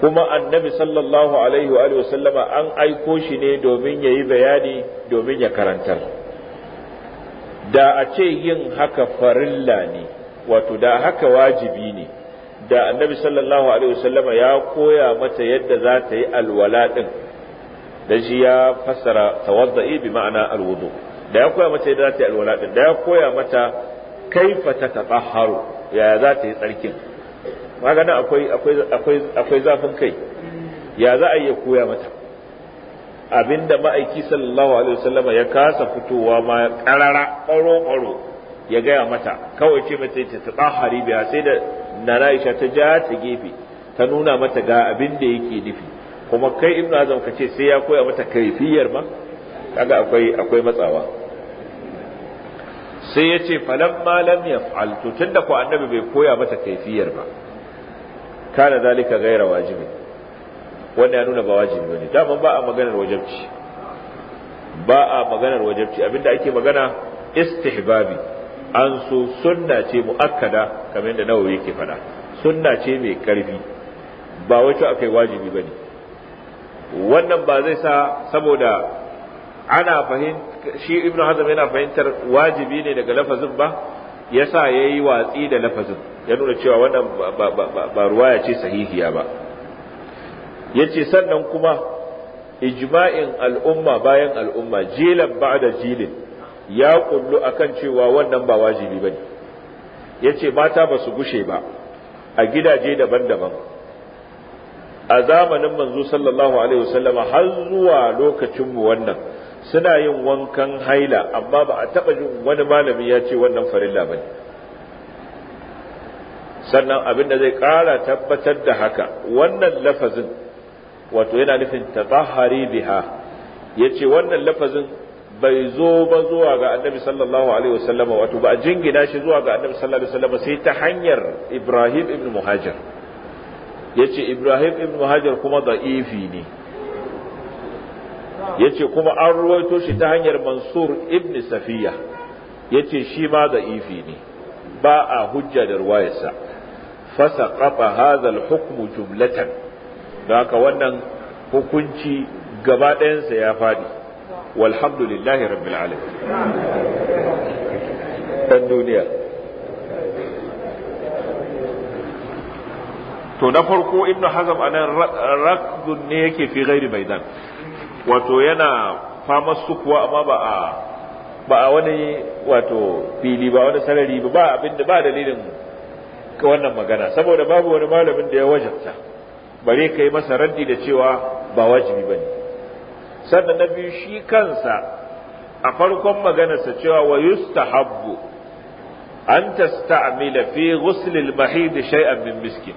kuma annabi sallallahu alaihi wa sallama an aiko shi ne domin ya yi bayani domin ya karantar da a ce yin haka farilla ne wato da haka wajibi ne da annabi sallallahu alaihi wasallama ya koya mata yadda za ta yi alwala din da shi ya fassara tawadda'i bi ma'ana alwudu' da ya koya mata yadda za ta yi alwala din da ya koya mata kaifa ta tatahharu ya za ta yi tsarkin magana akwai akwai akwai akwai zafin kai ya za a iya koya mata abinda ma'aiki sallallahu alaihi wasallama ya kasa fitowa ma karara baro baro ya gaya mata kawai ce mata ta tatahhari biya sai da nana Aisha ta ja ta gefe ta nuna mata ga abin da yake nufi kuma kai ibnu azam kace sai ya koya mata kaifiyar ma kaga akwai akwai matsawa sai ya ce falan malam ya falto tun da ku annabi bai koya mata kaifiyar ba kana zalika gaira wajibi wanda ya nuna ba wajibi ne. Dama ba a maganar wajabci ba a maganar wajabci abinda ake magana istihbabi an so sunna ce muakkada kamar da nawa yake faɗa sunna ce mai karfi ba wato akai wajibi ba ne. wannan ba zai sa saboda ana fahimta shi ibnu hazm yana fahimtar wajibi ne daga lafazin ba yasa yayi watsi da lafazin ya nuna cewa wannan ba ya ce sahihiya ba yace sannan kuma ijma'in al'umma bayan al'umma jilan ba'da jilin ya kullu akan cewa wannan ba wajibi bane yace mata ba su gushe ba a gidaje daban-daban a zamanin manzo sallallahu alaihi wasallama har zuwa lokacin mu wannan suna yin wankan haila amma ba a taɓa jin wani malami ya ce wannan farilla ba sannan abin da zai ƙara tabbatar da haka wannan lafazin wato yana nufin tatahari biha ya ce wannan lafazin bai zo ba zuwa ga annabi sallallahu alaihi wasallama wato ba a jingina shi zuwa ga annabi sallallahu alaihi wasallama sai ta hanyar ibrahim ibn muhajir ya ce ibrahim ibn muhajir kuma da'ifi ne yace kuma an ruwaito shi ta hanyar mansur ibn safiya yace shi ma da ifi ne ba a hujja da ruwayarsa fasa kafa hazal hukmu jumlatan da haka wannan hukunci gaba ɗayansa ya faɗi walhamdulillahi rabbil alamin dan duniya to na farko ibnu hazm anan rakdun ne yake fi ghairi maidan wato yana fama kuwa amma ba a ba a wani wato fili ba wani sarari ba ba abin da ba dalilin wannan magana saboda babu wani malamin da ya wajabta bare kai masa raddi da cewa ba wajibi ba ne. sannan na biyu shi kansa a farkon maganarsa cewa wa yustahabbu an tasta'mila fi ghusl al-mahid shay'an min miskin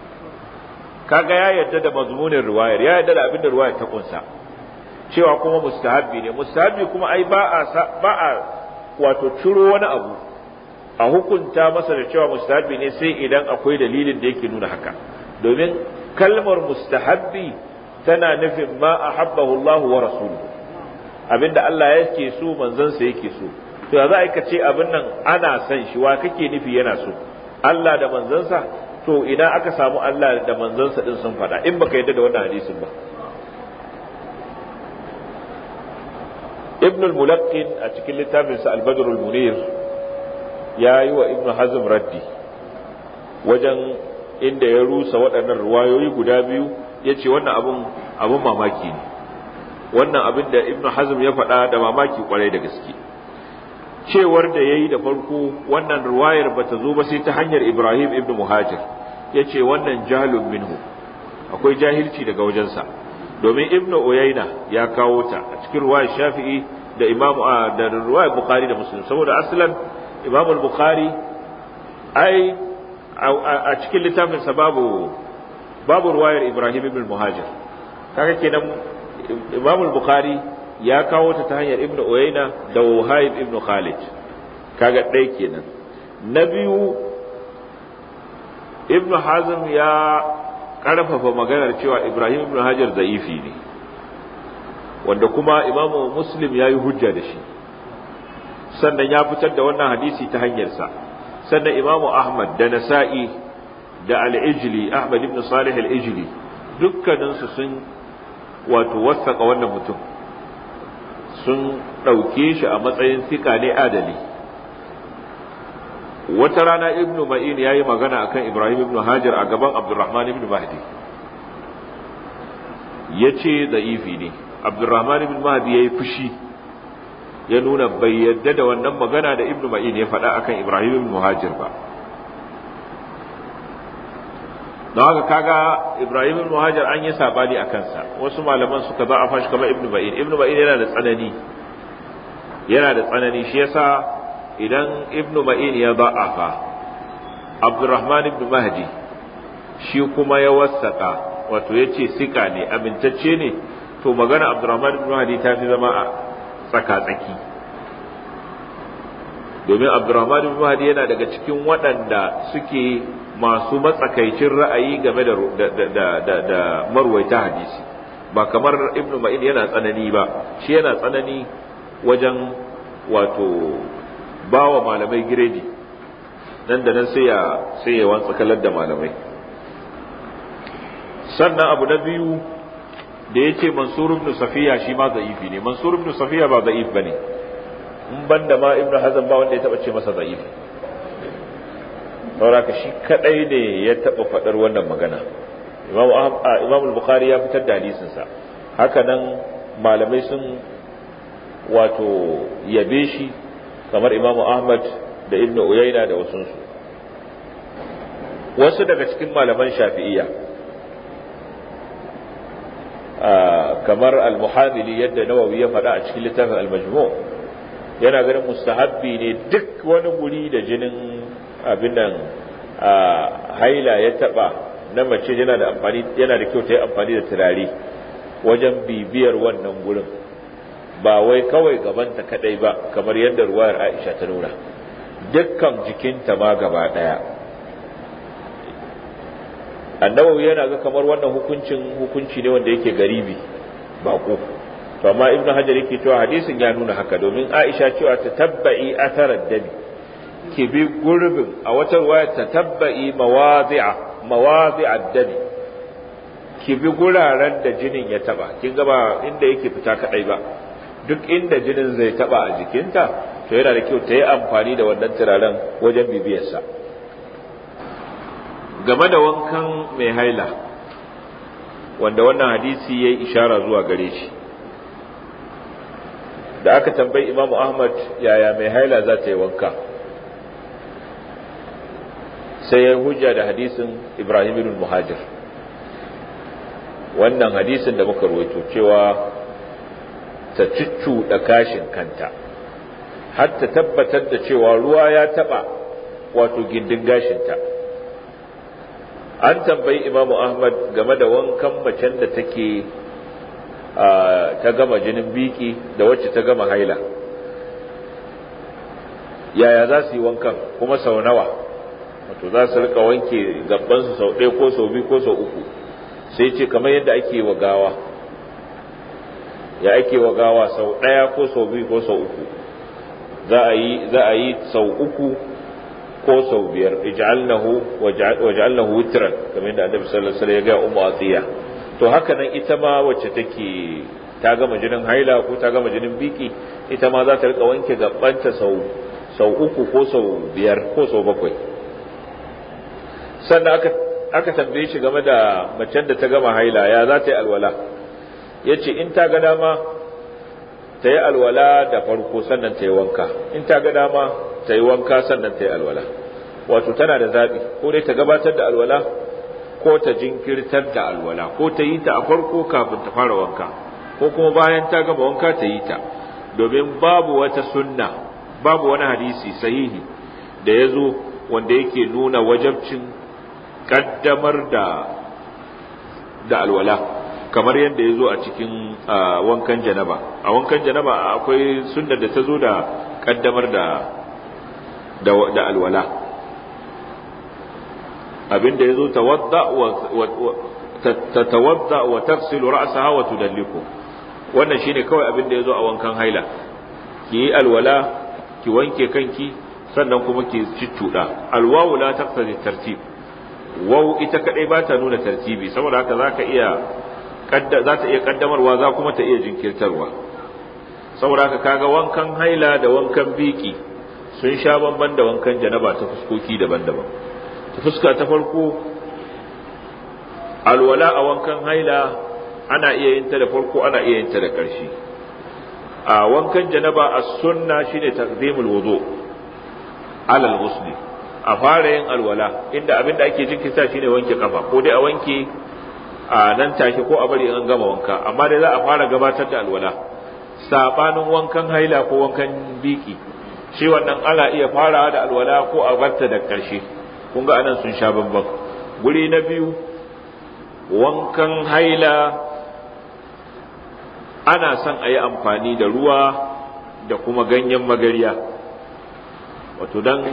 kaga ya yadda da mazmunin riwayar ya yadda da abin da riwayar ta kunsa cewa kuma mustahabbi ne mustahabbi kuma ai ba a ba a wato ciro wani abu a hukunta masa da cewa mustahabbi ne sai idan akwai dalilin da yake nuna haka domin kalmar mustahabbi tana nufin ma ahabbahu Allah wa rasuluhu abinda Allah yake so manzansa yake so to za a ka ce abin nan ana san shi wa kake nufi yana so Allah da manzansa to idan aka samu Allah da manzansa din sun faɗa in baka yadda da wannan hadisin ba ibn al a cikin littafinsa al-badr al-munir ya yi wa ibn hazm raddi wajen inda ya rusa waɗannan ruwayoyi guda biyu ya ce wannan abun mamaki ne wannan abin da ibn hazm ya faɗa da mamaki kwarai da gaske cewar da ya yi da farko wannan ruwayar ba ta zo ba sai ta hanyar ibrahim ibn muhajir ya ce wannan jahilun minhu akwai jahilci daga wajensa domin ibnu uyayna ya kawo ta a cikin ruwayar shafi'i da imam a da ruwayar bukhari da muslim saboda aslan imam al-bukhari ai a cikin littafin sa babu babu ruwayar ibrahim ibn muhajir kaga kenan imam al-bukhari ya kawo ta ta hanyar ibnu uyayna da wahib ibnu khalid kaga ɗaya kenan na biyu ibnu hazm ya ƙarfafa maganar cewa ibrahim ibn hajar za'ifi ne wanda kuma imamu muslim ya yi hujja da shi sannan ya fitar da wannan hadisi ta hanyarsa sannan imamu ahmad da nasa'i da al'ijili ahmad ibn salih al'ijili dukkaninsu sun wato wasaƙa wannan mutum sun ɗauke shi a matsayin fika ne adali wata rana ibnu ma'in ya yi magana akan ibrahim ibnu hajar a gaban abdurrahman ibnu mahdi ya ce za'ifi ne abdurrahman ibnu mahdi ya yi fushi ya nuna bai yadda da wannan magana da ibnu ma'in ya faɗa akan ibrahim ibnu hajar ba don haka kaga ibrahim ibnu hajar an yi sabani a kansa wasu malaman suka za a fashi kamar ibnu ma'in ibnu ma'in yana da tsanani yana da tsanani shi yasa idan ibn ma'in ya da'afa abdurrahman ibn mahdi shi kuma ya wasaka wato ya ce sika ne amintacce ne to magana abdurrahman ibn mahdi ta fi zama a tsaka-tsaki domin abdurrahman ibn mahdi yana daga cikin waɗanda suke masu matsakaicin ra'ayi game da marwaita hadisi ba kamar ibn ma'in yana tsanani ba shi yana tsanani wajen wato ba wa malamai giredi nan da nan sai ya sai ya wantsa kallar da malamai sannan abu na biyu da ya ce mansur ibn safiya shi ma za'ifi ne mansur ibn safiya ba za'if ba ne in ban da ma ibn hazan ba wanda ya taba ce masa za'if ka shi kadai ne ya taɓa faɗar wannan magana imam al-bukhari ya fitar da hadisinsa haka nan malamai sun wato yabe shi kamar imamu ahmad da ibnu uyaina da wasunsu wasu daga cikin malaman shafi'iyya kamar al-muhamili yadda nawawi ya faɗa a cikin littafin al-majmu yana ganin mustahabbi ne duk wani guri da jinin abin nan haila ya taɓa na mace yana da kyau ta yi amfani da turare wajen bibiyar wannan gurin ba wai kawai gabanta kadai ba kamar yadda ruwayar Aisha ta nuna dukkan jikinta ma gaba daya annabawi yana ga kamar wannan hukuncin hukunci ne wanda yake garibi ko to amma ibn hajar yake cewa hadisin ya nuna haka domin aisha cewa ta tabba'i atharar dabi ki bi gurbin a wata ruwaya ta tabba'i mawazi'a mawazi'a dabi ki bi guraren da jinin ya taba kin ga ba inda yake fita kadai ba duk inda jinin zai taba a jikinta to yana da kyau ta yi amfani da wannan turaren wajen bibiyarsa game da wankan mai haila wanda wannan hadisi ya yi ishara zuwa gare shi da aka tambayi imamu ahmad yaya mai haila za ta yi wanka sai ya hujja da hadisin ibrahim ibn muhajir wannan hadisin da muka ruwaito cewa ta da gashin kanta har ta tabbatar da cewa ruwa ya taɓa wato gindin gashinta an tambayi imamu ahmad game da wankan macen da take ta gama jinin biki da wacce ta gama haila yaya za su yi wankan kuma sau nawa wato za su rika wanke gabansu sau ɗaya ko sau biyu ko sau uku sai ce kamar yadda ake wa gawa ya ake wa gawa sau ɗaya ko sau biyu ko sau uku za a yi sau uku ko sau biyar ij'alnahu waj'alnahu witran kamar yadda annabi sallallahu alaihi wasallam ya ga ummu atiya to haka nan ita ma wacce take ta gama jinin haila ko ta gama jinin biki ita ma za ta rika wanke gabanta sau sau uku ko sau biyar ko sau bakwai sannan aka aka tambaye shi game da macen da ta gama haila ya za ta yi alwala ya ce in ta ga dama ta yi alwala da farko sannan ta yi wanka in ta ga dama ta yi wanka sannan ta yi alwala wato tana da zaɓi ko dai ta gabatar da alwala ko ta jinkirtar da alwala ko ta yi ta a farko kafin ta fara wanka ko kuma bayan ta gama wanka ta yi ta domin babu wata sunna babu wani hadisi sahihi da ya zo wanda yake nuna wajabcin ƙaddamar da da alwala kamar yadda ya zo a cikin wankan janaba a wankan janaba akwai sunnar da ta zo da kaddamar da da alwala abinda ya zo tawadda wa tafsilu ra'saha wa tudalliku wannan shine kawai abin da yazo a wankan haila ki yi alwala ki wanke kanki sannan kuma ki ciccuda alwawu la taqtadi tartib waw ita kadai ba ta nuna tartibi saboda haka zaka iya za ta iya kaddamarwa za kuma ta iya jinkirtarwa saboda ka kaga wankan haila da wankan biki sun sha bamban da wankan janaba ta fuskoki daban-daban ta fuska ta farko alwala a wankan haila ana iya yin ta da farko ana iya yin ta da ƙarshe a wankan janaba a sunna shine taqdimul wudu alal ghusli a fara yin alwala inda abinda ake jinkirta shine wanke kafa ko dai a wanke a nan take ko a bari in gama wanka amma dai za a fara gabatar da alwala sabanin wankan haila ko wankan biki shi wannan ana iya farawa da alwala ko a barta da karshe kun ga anan sun sha babban guri na biyu wankan haila ana son a yi amfani da ruwa da kuma ganyen magariya wato don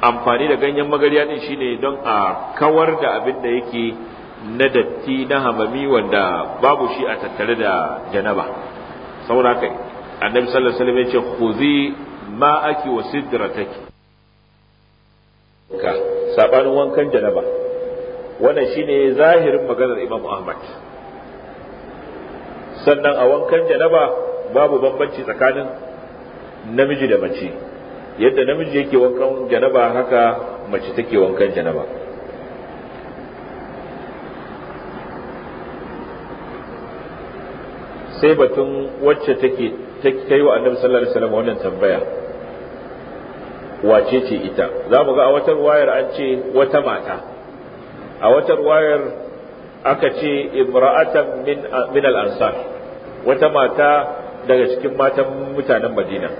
amfani da ganyen magariya din shine don a kawar da abin da yake na datti na hamami wanda babu shi a tattare da janaba saboda kai. annabi sallallahu alaihi wasallam ya ce khuzi ma wa sidrataki ka sabanin wankan janaba wannan shine zahirin maganar imam ahmad sannan a wankan janaba babu bambanci tsakanin namiji da mace yadda namiji yake wankan janaba haka mace take wankan janaba sai batun wacce take ta yi wa annabi sallallahu alaihi wasallam wannan tambaya wace ce ita za mu ga a wata wayar an ce wata mata a wata wayar aka ce imra'atan min min al-ansar wata mata daga cikin matan mutanen Madina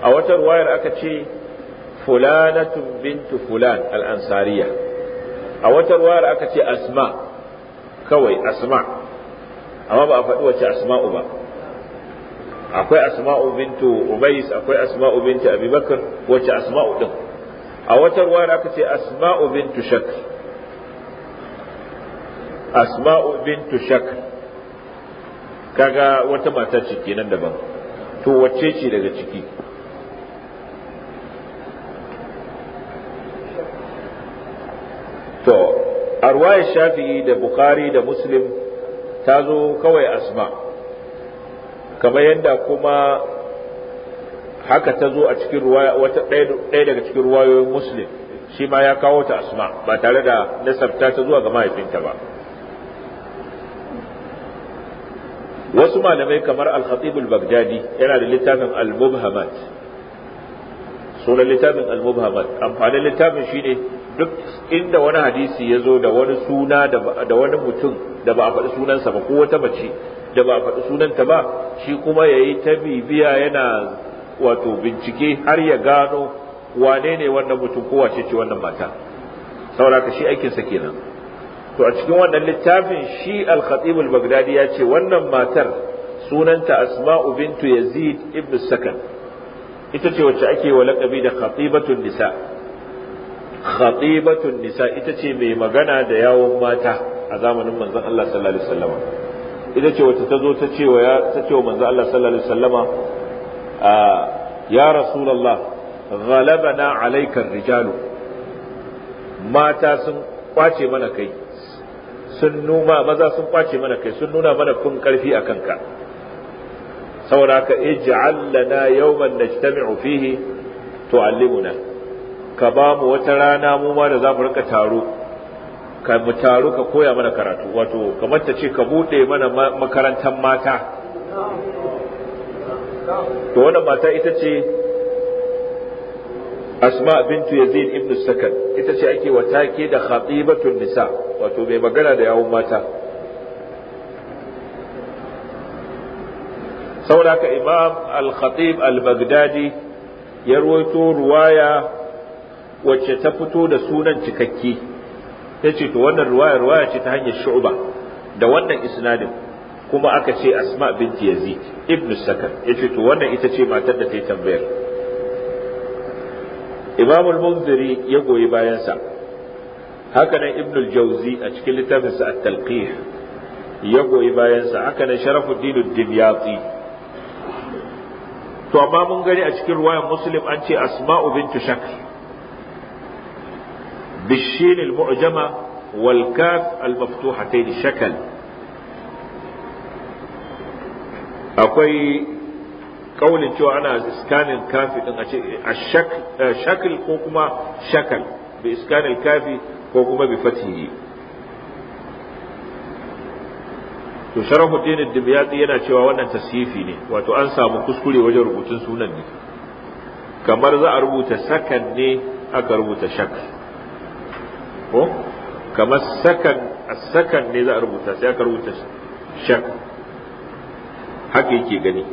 a wata wayar aka ce fulanatun bintu fulan al-ansariya a wata wayar aka ce asma kawai asma' amma ba a faɗi wace asma'u ba akwai asma'u bintu umais akwai asma'u bintu abubakar wace asma'u din a wata ruwaya aka ce asma'u bintu Shak, asma'u bintu Shak kaga wata mata ce kenan daban to wacce ce daga ciki to a ruwayar shafi'i da bukhari da muslim ta zo kawai asma kamar yadda kuma haka ta zo a cikin wata ɗaya daga cikin ruwayoyin muslim shi ma ya kawo ta asma ba tare da nasabta ta zuwa ga mahaifinta ba wasu malamai kamar al-khatib al-baghdadi yana da littafin al-mubhamat sunan littafin al-mubhamat amfanin littafin shine duk inda wani hadisi ya zo da wani suna da wani mutum da ba a faɗi sunansa ba ko wata mace da ba a faɗi sunanta ba shi kuma ya yi ta bibiya yana wato bincike har ya gano wane ne wannan mutum ko wace ce wannan mata saboda shi aikinsa kenan to a cikin wannan littafin shi al-khatib al-baghdadi ya ce wannan matar sunanta asma'u bintu yazid ibn sakan ita ce wacce ake wa laqabi da khatibatun nisa' khatibatun nisa ita ce mai magana da yawon mata a zamanin manzon Allah sallallahu alaihi wasallam ita ce wata ta zo ta ce wa ta ce wa manzon Allah sallallahu alaihi wasallama ah, ya rasulullah ghalabana alayka rijalu mata sun kwace mana kai sun numa maza sun kwace mana kai sun nuna mana kun karfi a kanka saboda ka ij'al lana yawman najtami'u fihi tu'allimuna ka ba mu wata rana mu ma da za mu rika taro ka mu taro ka koya mana karatu wato kamar ta ce ka bude mana makarantar mata to wannan mata ita ce asma bintu yazid ibn sakan ita ce ake wa take da khatibatun nisa wato mai magana da yawun mata saboda ka imam al-khatib al-baghdadi ya ruwaito ruwaya wacce ta fito da sunan cikakke ya ce to wannan ruwaya ruwaya ce ta hanyar shu'ba da wannan isnadin kuma aka ce asma binti yazid ibn sakar ya ce to wannan ita ce matar da ta yi tambayar imam al-munziri ya goyi bayansa haka nan ibn al-jawzi a cikin littafinsa at-talqih ya goyi bayansa haka nan sharafuddin ad-dimyati to amma mun gani a cikin ruwayan muslim an ce asma'u bintu shakr بالشين المعجمة والكاف المفتوحتين شكل أقول قول شو أنا إسكان الكافي الشكل آه، كوكما شكل بإسكان الكافي كوكما بفتحه شرف الدين الدمياطي هنا شو وانا تسيفي ني واتو انسى مكسكولي وجه ربوتين سنن ني كمرز اربوت سكن ني اكربوت شكل ko kamar sakan a sakan ne za a rubuta sai aka rubuta shak haka yake gani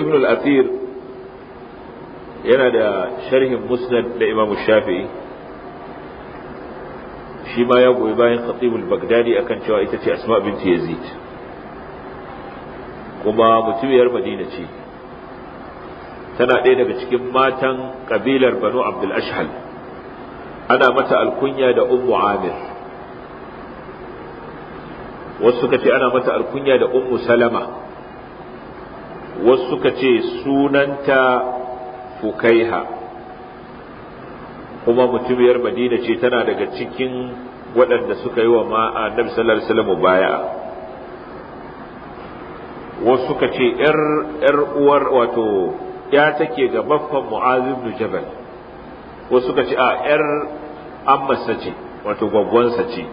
ibn al-athir yana da sharhin musnad da imam shafi'i shi ma ya goyi bayan khatibul bagdadi akan cewa ita ce asma binti yazid kuma mutumiyar madina ce tana ɗaya daga cikin matan ƙabilar banu abdul ashhal ana mata alkunya da ummu amir wasu suka ce ana mata alkunya da ummu salama wasu suka ce sunanta fukaiha kuma mutumiyar madina ce tana daga cikin waɗanda suka yi wa ma'a nabi sallallahu alaihi wasallam wasu suka ce ‘yar uwar wato ya take ga baffan mu'az da jabal wasu suka ce a yar Amma ce wato gwaggwansa ce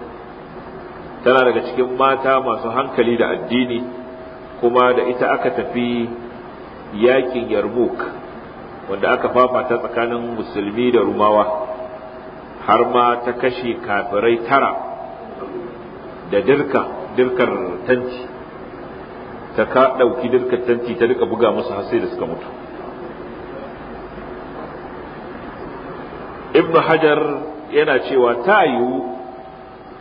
tana daga cikin mata masu hankali da addini kuma da ita aka tafi yakin yarmouk wanda aka fafata tsakanin musulmi da rumawa har ma ta kashe kafirai tara da dirka dirkar tanti ta ka ɗauki dirkar tanti ta duka buga musu har sai da suka mutu ibnu hajar yana cewa ta yiwu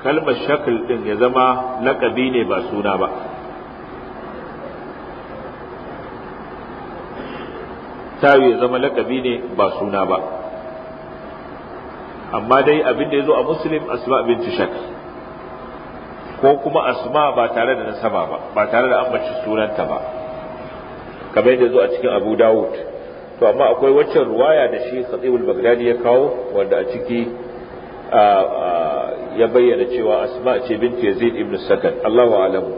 kalmar shakal din ya zama lakabi ne ba suna ba ta yiwu ya zama lakabi ne ba suna ba amma dai abin da ya zo a muslim asma bin shakl ko kuma asma ba tare da nasaba ba ba tare da ambaci sunanta ba kamar yadda zo a cikin abu dawud to amma akwai waccan ruwaya da shi khatibul bagdadi ya kawo wanda a ciki ya bayyana cewa asma ce binti yazid ibn sakan Allahu alamu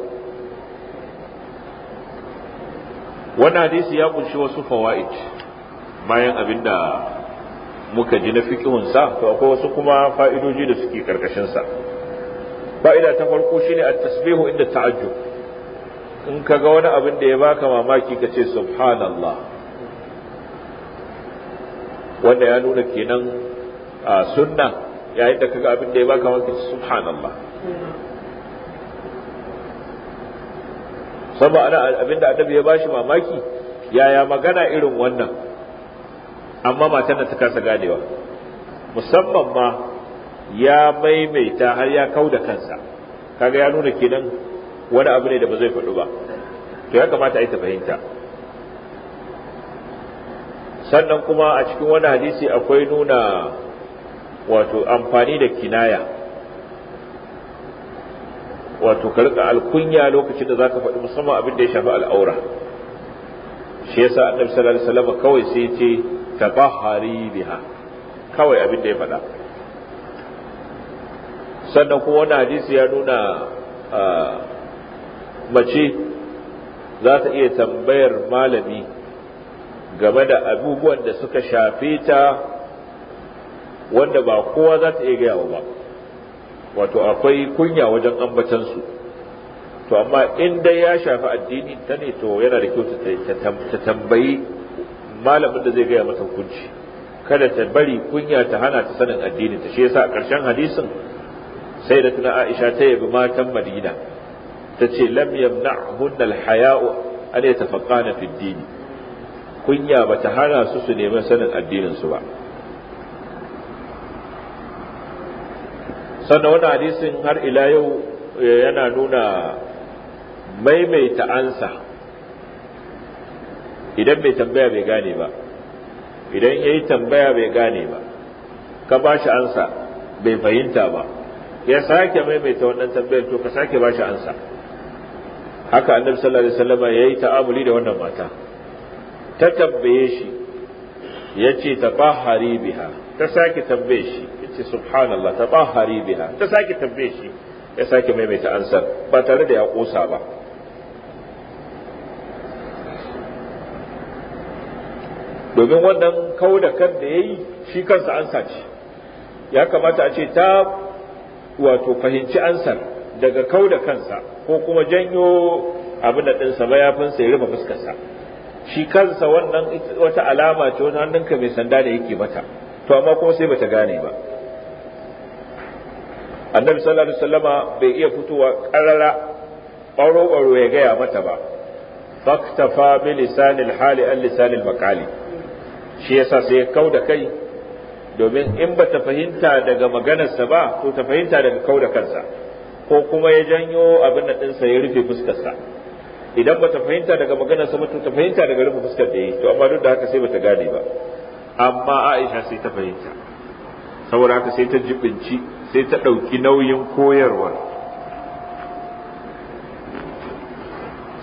wannan hadisi ya kunshi wasu fawaid bayan abinda muka ji na fiqhun sa to akwai wasu kuma fa'idoji da suke karkashin sa fa'ida ta farko shine at-tasbihu inda ta'ajjub in kaga wani abin da ya baka mamaki kace subhanallah wanda ya nuna kenan a sunna yayin da kaga abin da ya baka maka subhanallah saboda ana abin da annabi ya bashi mamaki yaya magana irin wannan amma matan da ta kasa ganewa musamman ma ya maimaita har ya kau da kansa kaga ya nuna kenan wani abu ne da ba zai faɗu ba to ya kamata a yi ta fahimta sannan kuma a cikin wani hadisi akwai nuna wato amfani da kinaya wato karka alkunya lokacin da za ka faɗi musamman abin da ya shafi al'aura shi yasa annabi sallallahu alaihi kawai sai ya ce tabahari biha kawai abin da ya faɗa sannan kuma wani hadisi ya nuna ah, mace za ta iya tambayar malami game da abubuwan da suka shafe ta wanda ba kowa za ta iya gaya ba wato akwai kunya wajen ambatansu to amma in dai ya shafi addini ta ne to yana da kyau ta tambayi malamin da zai gaya mata hukunci kada ta bari kunya ta hana ta sanin addini ta shi yasa a ƙarshen hadisin sai da tuna Aisha ta yabi matan Madina ta ce lam yamna'hunna al-haya'u an yatafaqqana fi ad-din kunya ba ta hana su su nemi sanin addininsu ba sannan wani hadisin har ila yau eh, yana nuna maimaita ansa idan bai tambaya bai gane ba idan ya yi tambaya bai gane ba ka ba shi ansa bai fahimta ba ya sake maimaita wannan tambayar to ka sake ba shi ansa haka annabi sallallahu alaihi wasallam ya yi ta'amuli da wannan mata ta tabbaye shi ya ce ta tafahari biha ta sake tabbaye shi ya ce subhanallah ta tafahari biha ta sake tabbaye shi ya sake maimaita ansar ba tare da ya ƙosa ba domin wannan kau da kan da ya yi shi kansa ansa ce ya kamata a ce ta wato fahimci ansar daga kau da kansa ko kuma janyo abin da ɗinsa mayafinsa ya rufe fuskarsa shi kansa wannan wata alama ce wani hannunka mai sanda da yake mata to amma kuma sai bata gane ba annabi sallallahu alaihi wasallama bai iya fitowa karara baro baro ya gaya mata ba faktafa bi lisanil hali an lisanil makali shi yasa sai kau da kai domin in ba fahimta daga maganarsa ba to ta fahimta daga kau da kansa ko kuma ya janyo abin da ɗinsa ya rufe fuskarsa idan bata fahimta daga maganar sa mutum ta fahimta daga rufe fuskar da yi to amma duk da haka sai bata gane ba amma Aisha sai ta fahimta saboda haka sai ta jibinci sai ta ɗauki nauyin koyarwar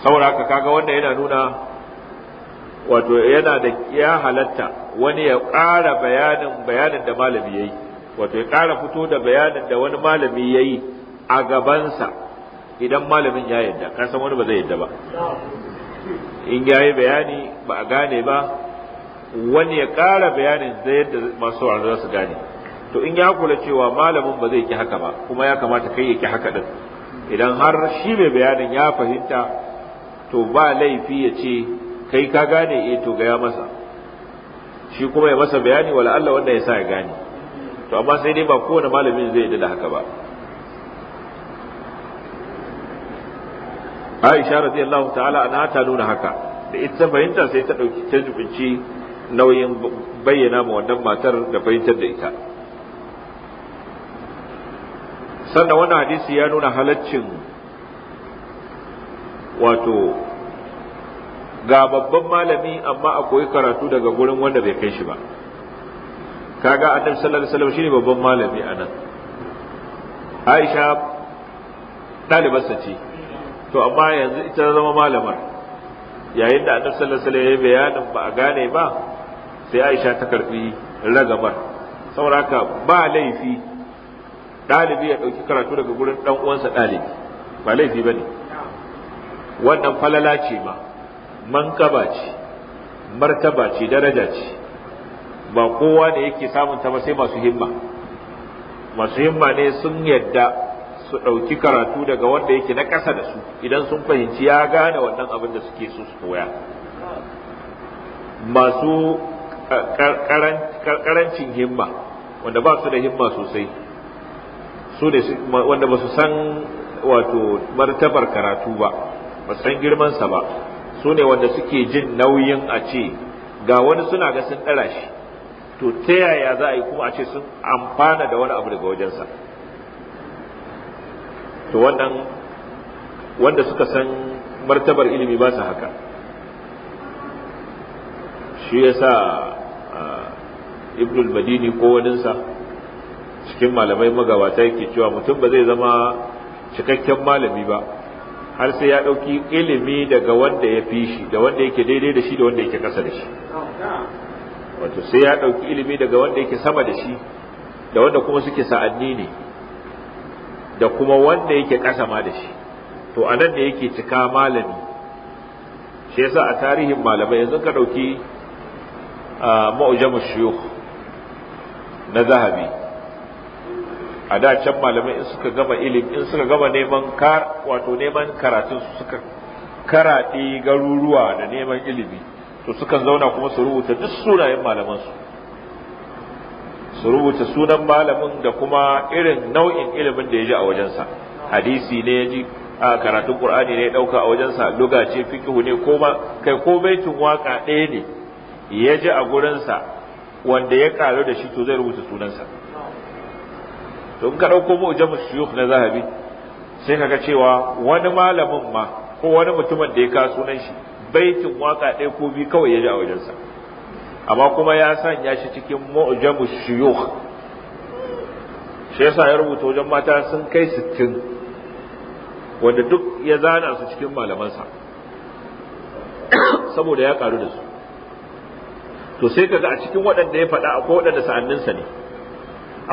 saboda haka kaga wannan yana nuna wato yana da ya halatta wani ya ƙara bayanin bayanin da malami yayi wato ya ƙara fito da bayanin da wani malami yayi a gabansa idan malamin ya yadda kan san wani ba zai yadda ba in ya yi bayani ba a gane ba wani ya ƙara bayanin zai yadda masu sauraro za su gane to in ya kula cewa malamin ba zai ki haka ba kuma ya kamata kai ya ki haka din idan har shi mai bayanin ya fahimta to ba laifi ya ce kai ka gane eh to gaya masa shi kuma ya masa bayani wala Allah wanda ya sa ya gane to amma sai dai ba kowane malamin zai yadda da haka ba Aisha radiyallahu ta'ala ana ta nuna haka da ita fahimta sai ta dauki ta jubinci nauyin bayyana ma wannan matar da fahimtar da ita sannan wannan hadisi ya nuna halaccin wato ga babban malami amma a koyi karatu daga gurin wanda bai kai shi ba kaga annabi sallallahu alaihi wasallam shine babban malami anan Aisha ɗalibarsa ce to amma yanzu ita zama malamar yayin da annabi sallallahu alaihi wasallam bayanin ba a gane ba sai Aisha ta karbi ragamar saboda haka ba laifi ɗalibi ya ɗauki karatu daga gurin ɗan'uwansa uwansa ɗalibi ba laifi bane wannan falala ce ma mankaba ce martaba ce daraja ce ba kowa da yake samun ta ba sai masu himma masu himma ne sun yadda su ɗauki karatu daga wanda yake na ƙasa da su idan sun fahimci ya gane wannan abin da suke so su koya masu ƙarancin eh, himma wanda ba su da himma sosai su ne wanda ba su san wato martabar karatu ba ba san girmansa ba su ne wanda suke jin nauyin a ce ga wani suna ga sun ɗara shi to ta yaya za a yi kuma a ce sun amfana da wani abu daga wajensa to wannan wanda suka san martabar ilimi ba su haka shi ya sa ibnul madini ko waninsa cikin malamai magabata yake cewa mutum ba zai zama cikakken malami ba har sai ya ɗauki ilimi daga wanda ya fi shi da wanda yake daidai da shi da wanda yake ƙasa da shi wato sai ya ɗauki ilimi daga wanda yake sama da shi da wanda kuma suke sa'anni ne da kuma wanda yake ƙasa ma da shi to a nan da yake cika malami shi yasa a tarihin malamai yanzu ka ɗauki ma'ujamu shiyukh na zahabi a da can malamai in suka gama ilim in suka gama neman kar wato neman karatun suka karaɗe garuruwa da neman ilimi to sukan zauna kuma su rubuta duk sunayen malamansu su rubuta sunan malamin da kuma irin nau'in ilimin da ya ji a wajensa hadisi ne ya ji a karatun qur'ani ne ya dauka a wajensa luga ce fiqhu ne ko ma kai ko baitin waka ɗaya ne ya ji a gurinsa wanda ya karu da shi to zai rubuta sunansa to in ka dauko mu'jamus shuyukh na zahabi sai kaga cewa wani malamin ma ko wani mutumin da ya ka sunan shi baitin waka ɗaya ko biyu kawai ya ji a wajensa amma kuma ya sanya shi cikin mu'jamu shuyukh shi yasa ya rubuta wajen mata sun kai sittin wanda duk ya zana su cikin malamansa saboda ya karu da su to sai kaga a cikin waɗanda ya faɗa akwai waɗanda sa'anninsa ne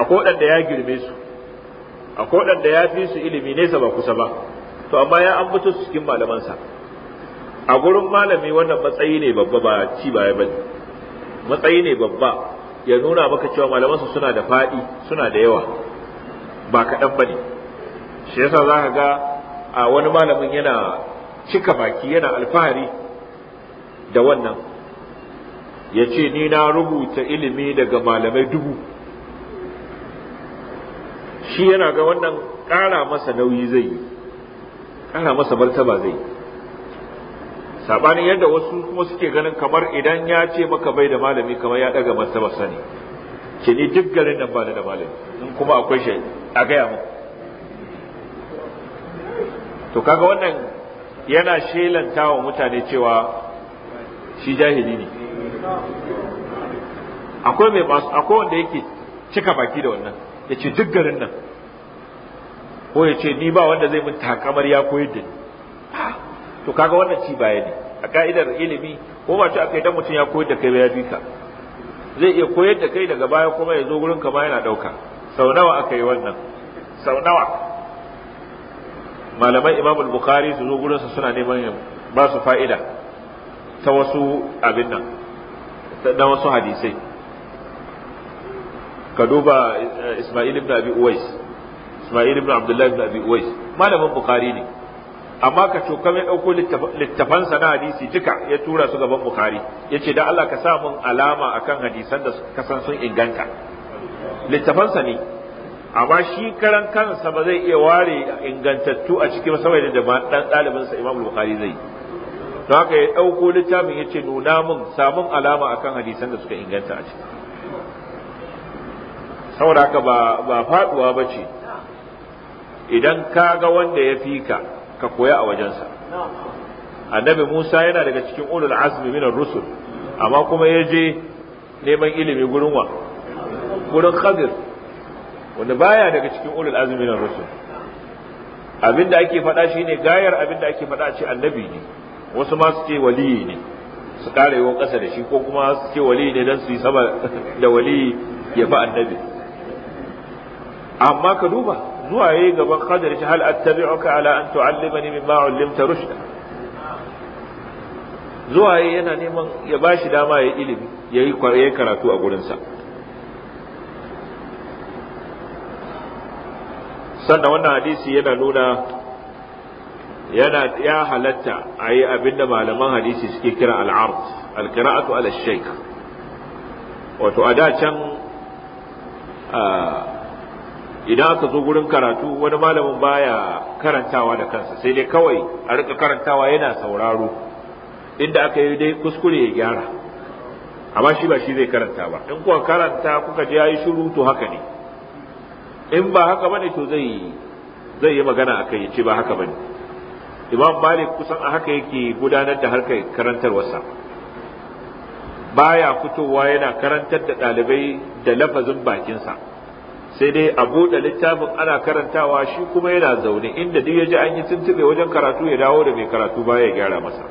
akwai waɗanda ya girme su akwai waɗanda ya fi su ilimi nesa ba kusa ba to amma ya ambato su cikin malamansa a gurin malami wannan matsayi ne babba ba ci baya bane matsayi ne babba ya nuna maka cewa malamansa suna da faɗi suna da yawa ba kaɗan ba ne shi yasa za ka ga a wani malamin yana cika baki yana alfahari da wannan ya ce ni na rubuta ilimi daga malamai dubu shi yana ga wannan ƙara masa nauyi zai yi ƙara masa martaba zai yi sabanin yadda wasu kuma suke ganin kamar idan ya ce maka bai da malami kamar ya daga martaba sani ce ni duk garin nan ba da malami in kuma akwai shi a gaya mu to kaga wannan yana shelanta wa mutane cewa shi jahili ne akwai mai masu akwai wanda yake cika baki da wannan ya ce duk garin nan ko ya ce ni ba wanda zai mun takamar ya koyar da ni ah, to kaga wannan ci baya ne a ka'idar ilimi ko ba a kai dan mutum ya koyar da kai ya bi ka zai iya koyar da kai daga baya kuma ya zo gurin ka ma yana dauka sau nawa aka yi wannan sau nawa Malamai imam al-bukhari su zo gurin suna neman ba su fa'ida ta wasu abin nan na wasu hadisai ka duba eh, isma'il ibn abi uwais isma'il ibn abdullah ibn abi uwais malamin bukhari ne amma ka coka mai ɗauko littafansa na hadisi duka ya tura su gaban bukari ya ce da Allah ka sa mun alama akan hadisan da ka san sun inganta littafansa ne amma shi karan kansa ba zai iya ware ingantattu a cikin saboda da dan ɗalibinsa imam bukhari zai don haka ya ɗauko littafin ya ce nuna mun samun alama akan hadisan da suka inganta a ciki saboda haka ba faɗuwa ba ce idan ka ga wanda ya fi ka ka koya a wajensa annabi Musa yana daga cikin ulul azmi ar rusul amma kuma ya je neman ilimi gurin wa gurin Khadir wanda baya daga cikin ulul azmi ar rusul abinda ake faɗa shine gayar abinda ake faɗa ce annabi ne wasu ma su ce waliyi ne su ƙara yawan ƙasa da shi ko kuma su ce waliyi ne don su yi sama da waliyi ya fi annabi amma ka duba zuwa gaban Khadir shi hal attabi'uka ala an tu'allimani mimma 'allimta rushda zuwa yana neman ya bashi dama ya ilimi yayi yayi karatu a gurin sa sannan wannan hadisi yana nuna yana ya halatta a yi abinda malaman hadisi suke kira al'ard alqira'atu ala shaykh wato a da can idan aka zo gurin karatu wani malamin baya karantawa da kansa sai dai kawai a rika karantawa yana sauraro inda aka yi dai kuskure ya gyara amma shi ba shi zai karanta ba in kuka karanta kuka ji yayi shiru to haka ne in ba haka bane to zai yi magana akai ya ce ba haka bane imam malik kusan a haka yake gudanar da harkar karantarwarsa baya fitowa yana karantar da ɗalibai da lafazin bakinsa sai dai a buɗe littafin ana karantawa shi kuma yana zaune inda duk ya ji an yi tuntuɓe wajen karatu ya dawo da mai karatu baya ya gyara masa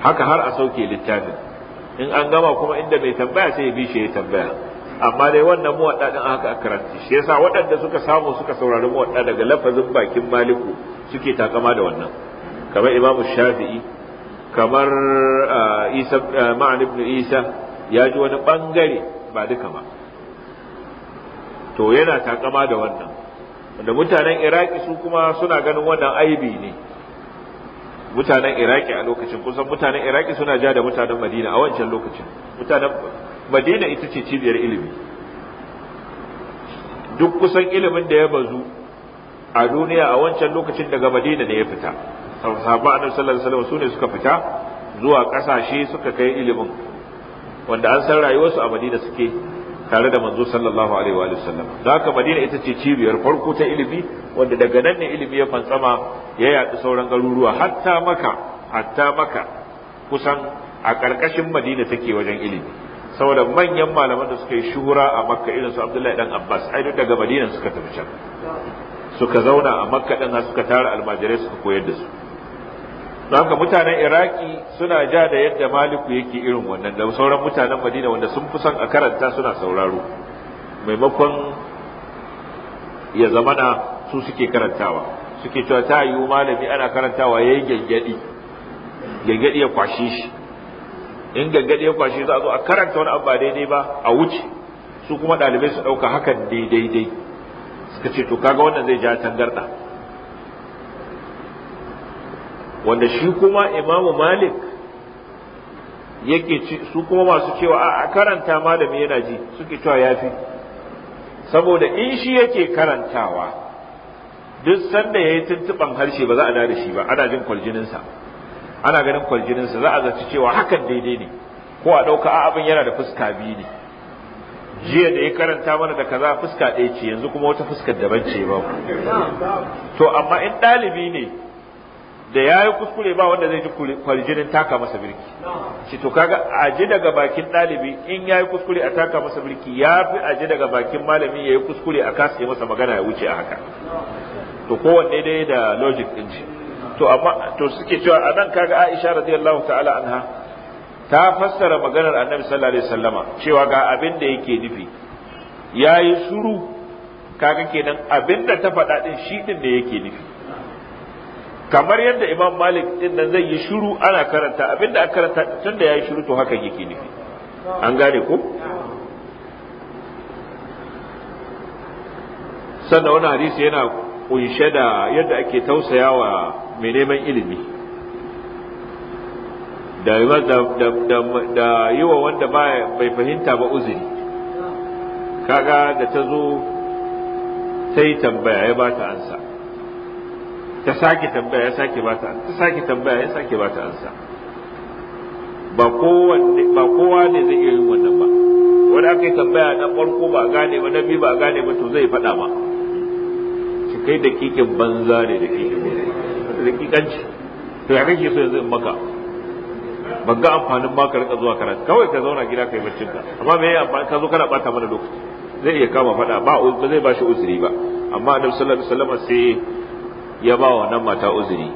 haka har a sauke littafin in an gama kuma inda mai tambaya sai ya bi shi ya tambaya amma dai wannan muwadda din haka a karanta shi yasa waɗanda suka samu suka saurari muwadda daga lafazin bakin maliku suke takama da wannan kamar imamu shafi'i kamar ah, isa ah, ma'an ibn isa ya ji wani ɓangare ba duka ba to yana takama da wannan wanda mutanen iraki su kuma suna ganin wannan aibi ne mutanen iraki a lokacin kusan mutanen iraki suna ja da mutanen madina a wancan lokacin mutanen madina ita ce cibiyar ilimi duk kusan ilimin da ya bazu a duniya a wancan lokacin daga madina ne ya fita sahaba annabi sallallahu alaihi wasallam sune suka fita zuwa kasashe suka kai ilimin wanda an san rayuwarsu a madina suke tare da manzo sallallahu alaihi wa sallam da haka madina ita ce cibiyar farko ta ilimi wanda daga nan ne ilimi ya fantsama ya yaɗu sauran garuruwa hatta maka hatta maka kusan a ƙarƙashin madina take wajen ilimi saboda manyan malaman da suka yi shuhura a makka irin su abdullahi dan abbas ai duk daga madina suka tafi can suka zauna a makka dan suka tara almajirai suka koyar da su haka mutanen iraki suna ja da yadda maliku yake irin wannan da sauran mutanen madina wanda sun fi son a karanta suna sauraro maimakon ya zamana su suke karantawa suke cewa ta yiwu malami ana karantawa ya yi gyangyadi gyangyadi ya kwashe shi in gyangyadi ya kwashe za a zo a karanta wani abu ba daidai ba a wuce su kuma ɗalibai su ɗauka hakan daidai suka ce to kaga wannan zai ja tangarɗa wanda shi kuma imamu malik yake su kuma masu cewa a karanta malami yana ji suke cewa ya fi saboda in shi yake karantawa duk sanda ya yi tuntuɓan harshe ba za a da shi ba ana jin kwaljininsa ana ganin kwaljininsa za a zaci cewa hakan daidai ne ko a ɗauka a abin yana da fuska biyu ne jiya da ya karanta mana da kaza fuska ɗaya ce yanzu kuma wata fuskar daban ce ba to amma in ɗalibi ne da ya yi kuskure ba wanda zai ji kwarjinin taka masa birki shi to kaga a daga bakin ɗalibi in ya yi kuskure a taka masa birki ya fi a daga bakin malami ya yi kuskure a kasa yi masa magana ya wuce a haka to kowanne dai da logic ɗin shi to amma to suke cewa a nan kaga Aisha radiyallahu ta'ala anha ta fassara maganar Annabi sallallahu alaihi cewa ga abin da yake nufi yayi suru kaga kenan abin da ta faɗa din shi din ne yake nufi kamar yadda imam malik din nan zai yi shiru ana karanta abinda aka karanta tun da ya yi shiru to haka yake nufi an gane ko sannan wani hadisi yana kunshe da yadda ake tausayawa wa mai neman ilimi da da wanda bai fahimta ba uzuri kaga da ta zo ta tambaya ya ba ta ansa ta sake tambaya ya sake bata ta sake tambaya ya sake ta ansa ba kowanne ba kowa ne zai iya yin wannan ba wanda aka yi tambaya na farko ba gane ba na biyu ba gane ba to zai faɗa ma shi kai da kikin banza ne da kikin da kikanci to ya kake so yanzu in maka ban ga amfanin ba ka rika zuwa karatu kawai ka zauna gida kai baccin ka amma me amfani ka zo kana bata mana lokaci zai iya kama faɗa ba ba zai ba shi uzuri ba amma annabi sallallahu alaihi wasallam sai ya ba wannan mata uzuri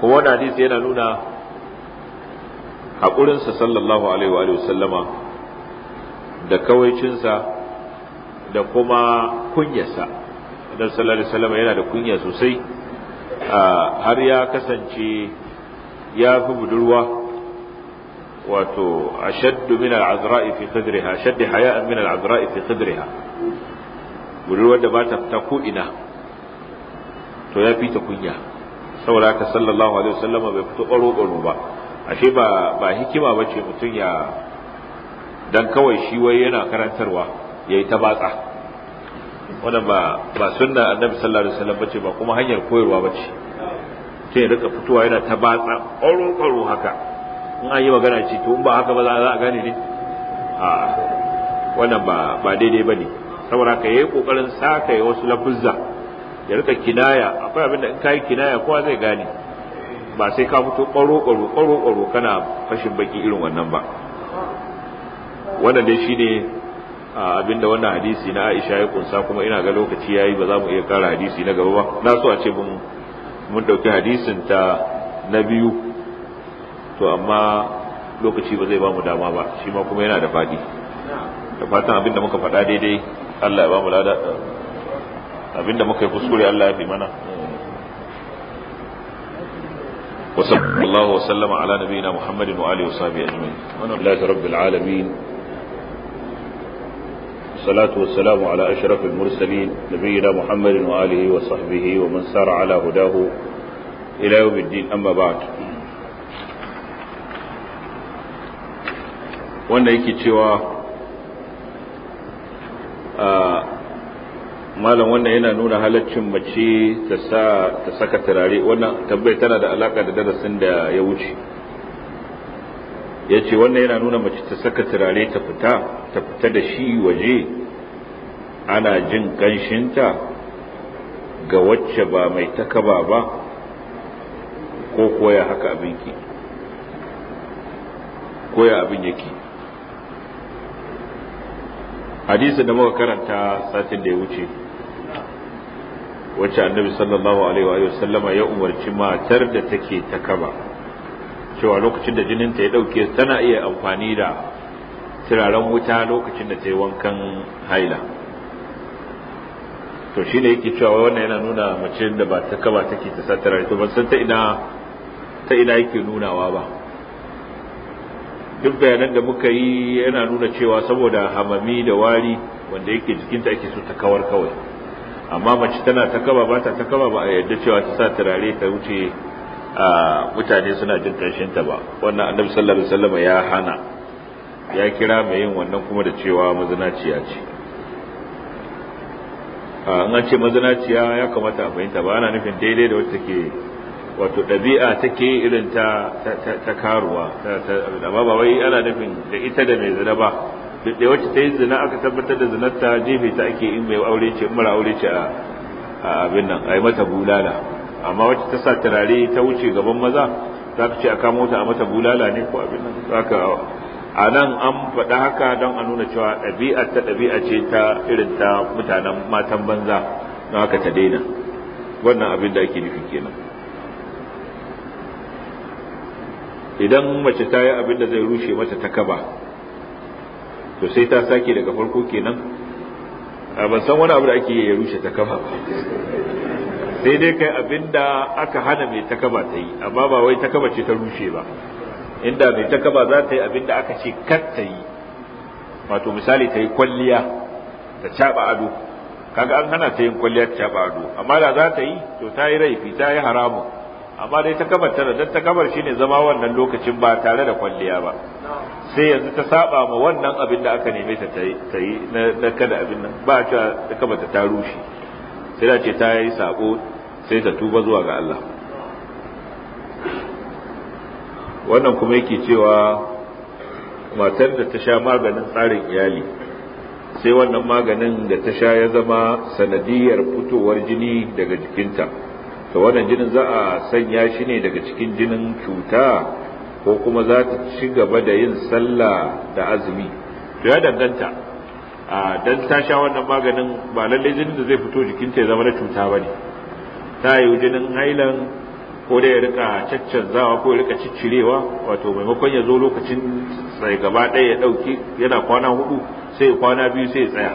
kuma wannan hadisi yana nuna haƙurinsa sallallahu alaihi wa sallama da kawaicinsa da kuma kunyasa annabi sallallahu alaihi wasallam yana da kunya sosai har ya kasance ya fi budurwa wato ashaddu min al-azra'i fi khidriha ashaddu haya'an min al-azra'i fi khidriha budurwar da ba ta fita ko ina to ya fita kunya saboda haka sallallahu alaihi wasallama bai fito baro baro ba ashe ba ba hikima mutum ya dan kawai shi wai yana karantarwa yayi ta batsa wannan ba ba sunna annabi sallallahu alaihi wasallam ce ba kuma hanyar koyarwa ba ce sai ya rika fitowa yana ta batsa baro baro haka in an yi magana ce to in ba haka ba za a gane ne a wannan ba daidai ba ne saboda ka yi kokarin saka ya wasu lafuzza ya rika kinaya akwai abin in kai kinaya kowa zai gane ba sai ka fito ƙwaro ƙwaro ƙwaro ƙwaro kana fashin baki irin wannan ba wannan dai shine abin da wannan hadisi na Aisha ya kunsa kuma ina ga lokaci yayi ba za mu iya kara hadisi na gaba ba na so a ce mun mun dauki hadisin ta na biyu to amma lokaci ba zai ba mu dama ba shi ma kuma yana da fadi da fatan abin da muka faɗa daidai Allah ya ba mu lada abinda muka yi kuskure Allah ya fi mana وصلى الله وسلم على نبينا محمد وآله وصحبه أجمعين لله رب العالمين والصلاة والسلام على أشرف المرسلين نبينا محمد وآله وصحبه ومن سار على هداه إلى يوم الدين أما بعد wanda yake cewa malam wannan yana nuna halaccin mace ta saka turare wannan tabbai tana da alaka da darasin da ya wuce ya ce wannan yana nuna mace ta saka turare ta fita ta fita da shi waje ana jin ganshinta ga wacce ba mai takaba ba ko koya haka abinki koya abin yake hadisi da muka karanta satin da ya wuce wacce annabi sallallahu alaihi wa sallama ya umarci matar da take ta cewa lokacin da jininta ya dauke tana iya amfani da turaren wuta lokacin da ta yi wankan haila to shine yake cewa wannan yana nuna mace da ba ta kaba take ta satara to ban san ta ina ta ina yake nunawa ba duk bayanan da muka yi yana nuna cewa saboda hamami da wari wanda yake jikinta ake so ta kawar kawai amma mace tana ta kaba ba ta ta kaba ba a yadda cewa ta sa turare ta wuce a mutane suna jin kanshin ta ba wannan annabi sallallahu alaihi wasallam ya hana ya kira mai yin wannan kuma da cewa mazinaciya ce a an ce mazinaciya ya kamata a fahimta ba ana nufin daidai da wacce take wato ɗabi'a take irin ta ta karuwa amma ba wai ana nufin da ita da mai zina ba duk da wacce ta yi zina aka tabbatar da zinar ta jefe ta ake in mai aure ce mara aure ce a abin nan a mata bulala amma wacce ta sa turare ta wuce gaban maza za ka ce a kamo ta a mata bulala ne ko abin nan za ka a nan an faɗa haka don a nuna cewa ɗabi'a ta ɗabi'a ce ta irin ta mutanen matan banza don haka ta daina wannan abin da ake nufi kenan idan mace ta yi abin da zai rushe mata ta kaba to sai ta sake daga farko kenan a ban san wani abu da ake ya rushe ta kaba sai dai kai abin da aka hana mai ta kaba ta yi amma ba wai ta kaba ce ta rushe ba inda mai ta kaba za ta yi abin da aka ce kar ta yi wato misali ta yi kwalliya ta caba ado kaga an hana ta yin kwalliya ta caba ado amma da za ta yi to ta yi raifi ta yi haramun amma dai ta kabar tana dan ta kabar shine zama wannan lokacin ba tare da kwalliya ba sai yanzu ta saba ma wannan abin da aka neme ta ta yi na kada abin nan ba ta ta kabar ta rushe sai da ce ta yi sako sai ta tuba zuwa ga Allah wannan kuma yake cewa matar da ta sha maganin tsarin iyali sai wannan maganin da ta sha ya zama sanadiyar fitowar jini daga jikinta to wannan jinin za a sanya shi ne daga cikin jinin cuta ko kuma za ta ci gaba da yin sallah da azumi to ya danganta a dan ta sha wannan maganin ba lalle jinin da zai fito jikinta ya zama na cuta bane ta yi jinin hailan ko da ya rika caccanzawa ko ya rika ciccirewa wato maimakon ya zo lokacin sai gaba ɗaya ya ɗauki yana kwana hudu sai kwana biyu sai tsaya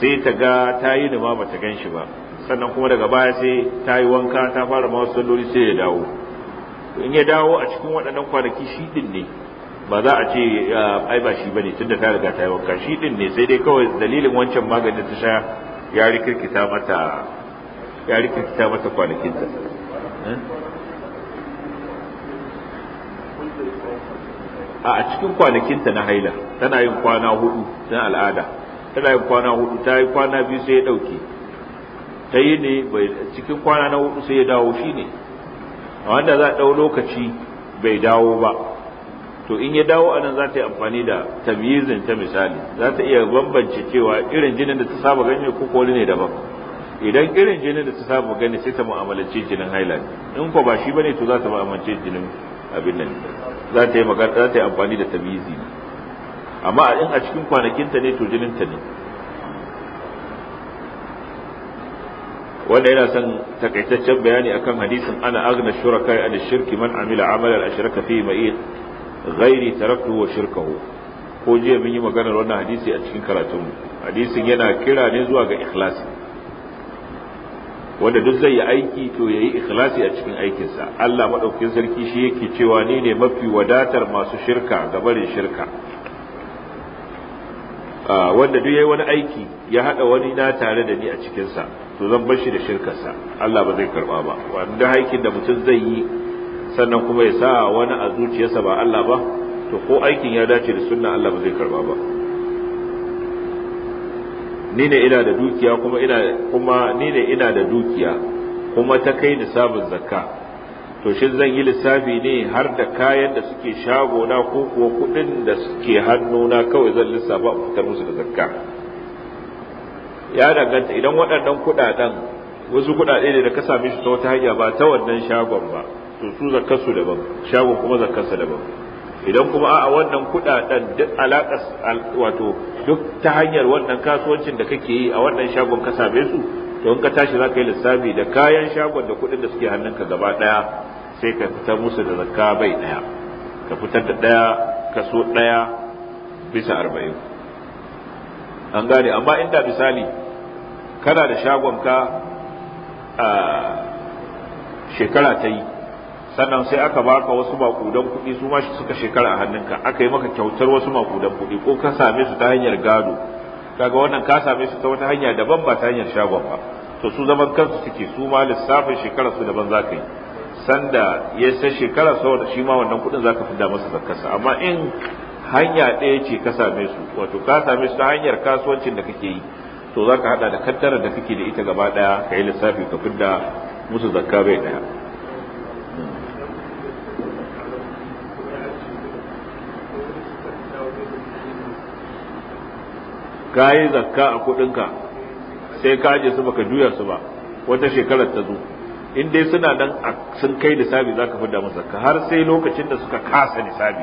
sai ta ga ta yi nima bata gan shi ba sannan kuma daga baya sai ta yi wanka ta fara ma wasu salloli sai ya dawo to in ya dawo a cikin waɗannan kwanaki shi din ne ba za a ce ai ba shi ne tunda ta riga ta yi wanka shi din ne sai dai kawai dalilin wancan maganin ta sha ya rikirkita mata ya rikirkita mata kwanakin ta eh? a cikin kwanakinta na haila tana yin kwana hudu na al'ada tana yin kwana hudu ta yi kwana biyu sai ya ɗauke ta yi ne cikin kwana na hudu sai ya dawo shi ne a wanda za a ɗau lokaci bai dawo ba to in ya dawo anan za ta yi amfani da tamyizin ta misali za ta iya bambance cewa irin jinin da ta saba gani ko koli ne daban idan irin jinin da ta saba gani sai ta mu'amalance jinin haila in ko ba shi bane to za ta mu'amalance jinin abin nan za ta yi amfani da tamyizi amma in a cikin kwanakin ta ne to jinin ta ne wanda yana son takaitaccen bayani akan hadisin ana agna shuraka an shirki man amila amalan ashraka fi ma'i ghairi taraktu wa shirkahu ko jiya mun yi maganar wannan hadisi a cikin karatun hadisin yana kira ne zuwa ga ikhlasi wanda duk zai yi aiki to yayi ikhlasi a cikin aikinsa Allah madaukakin sarki shi yake cewa ni ne mafi wadatar masu shirka ga barin shirka wanda duk yayi wani aiki ya hada wani na tare da ni a cikin sa to zan bar shi da shirkarsa Allah ba zai karba ba wanda aikin da mutum zai yi sannan kuma ya sa wani a zuciyarsa ba Allah ba to ko aikin ya dace da sunna Allah ba zai karba ba ni ne ina da dukiya kuma ina kuma ni ne ina da dukiya kuma ta kai nisabin zakka to shi zan yi lissafi ne har da kayan da suke shagona ko kuwa kudin da suke hannuna kawai zan lissafa a fitar musu da zakka ya danganta idan waɗannan kudaden wasu kudade ne da ka same shi ta wata hanya ba ta wannan shagon ba to su zakkarsu daban shagon kuma zakkarsa daban idan kuma a wannan kudaden duk alaƙas wato duk ta hanyar wannan kasuwancin da kake yi a wannan shagon ka same su to in ka tashi za ka yi lissafi da kayan shagon da kuɗin da suke hannunka gaba ɗaya sai ka fitar musu da zakka bai ɗaya ka fitar da ɗaya kaso ɗaya bisa arba'in an gane amma inda misali kana da ka a shekara ta yi sannan sai aka baka wasu makudan kuɗi su ma suka shekara a hannunka aka yi maka kyautar wasu makudan kuɗi ko ka same su ta hanyar gado kaga wannan ka same shi ta wata hanya daban ba ta hanyar shagon ba to su zaman kansu suke su ma lissafin shekarar su daban zaka yi sanda ya san shekara da shi ma wannan kudin zaka fida masa zakkarsa amma in hanya ɗaya ce ka same su wato ka same su ta hanyar kasuwancin da kake yi to zaka hada da kaddara da kake da ita gaba daya kai lissafi ka fidda musu zakka bai ɗaya. ka yi zakka a kuɗinka sai ka je su baka juya su ba wata shekarar ta zo in dai suna nan sun kai nisabi za ka fi damu zakka har sai lokacin da suka kasa sabi.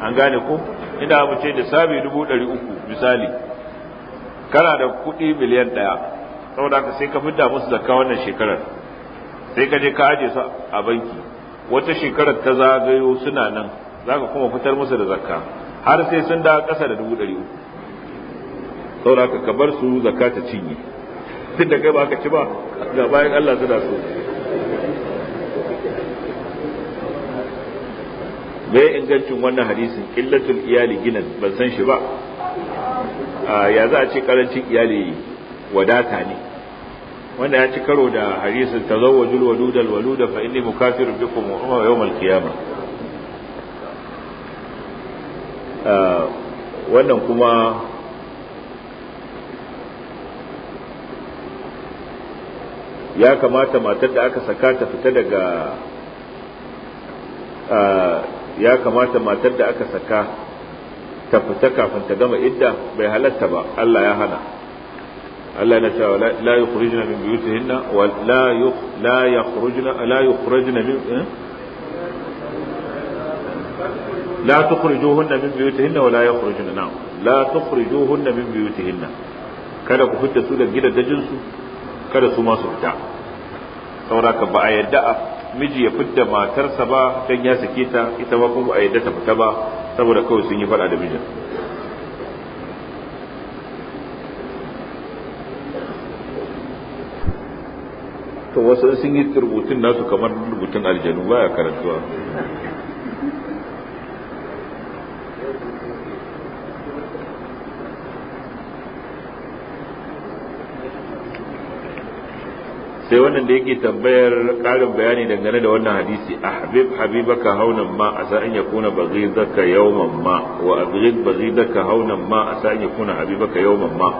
an gane ko ina mu ce nisabi dubu ɗari uku misali kana da kuɗi miliyan ɗaya saboda ka sai ka fidda musu zakka wannan shekarar sai ka je ka aje su a banki wata shekarar ta zagayo suna nan za ka kuma fitar musu da zakka har sai sun da ƙasa da dubu ɗari uku saboda ka bar su zakka ta cinye tun da kai ba ka ci ba ga bayan Allah suna so me ingancin wannan hadisin illatul iyali gina ban san shi ba ya za a ce karancin iyali wadata ne wanda ya ci karo da hadisin tazawwajul da waluda fa inni mukafirun bikum wa yawmal qiyamah wannan kuma ya kamata matar da aka saka ta fita daga ya kamata matar da aka saka ta fita kafin ta gama idda bai halatta ba Allah ya hana Allah ya cewa la yukhrijna min buyutihinna wa la la la yukhrijna min لا تخرجوهن من بيوتهن ولا يخرجن نعم لا تخرجوهن من بيوتهن kada ku fita su da gidajen su kada su ma su fita sauraka ba a yadda miji ya fidda matarsa ba dan ya sake ta ita ba kuma a yadda ta fita ba saboda kawai sun yi fada da mijin to wasu sun yi rubutun nasu kamar rubutun aljanu baya karatuwa. sai wannan da yake tambayar ƙarin bayani dangane da wannan hadisi ahbib habibaka haunan ma a ya kuna yakuna baghidaka yawman ma wa abghid zaka haunan ma a asa ya kuna habibaka yawman ma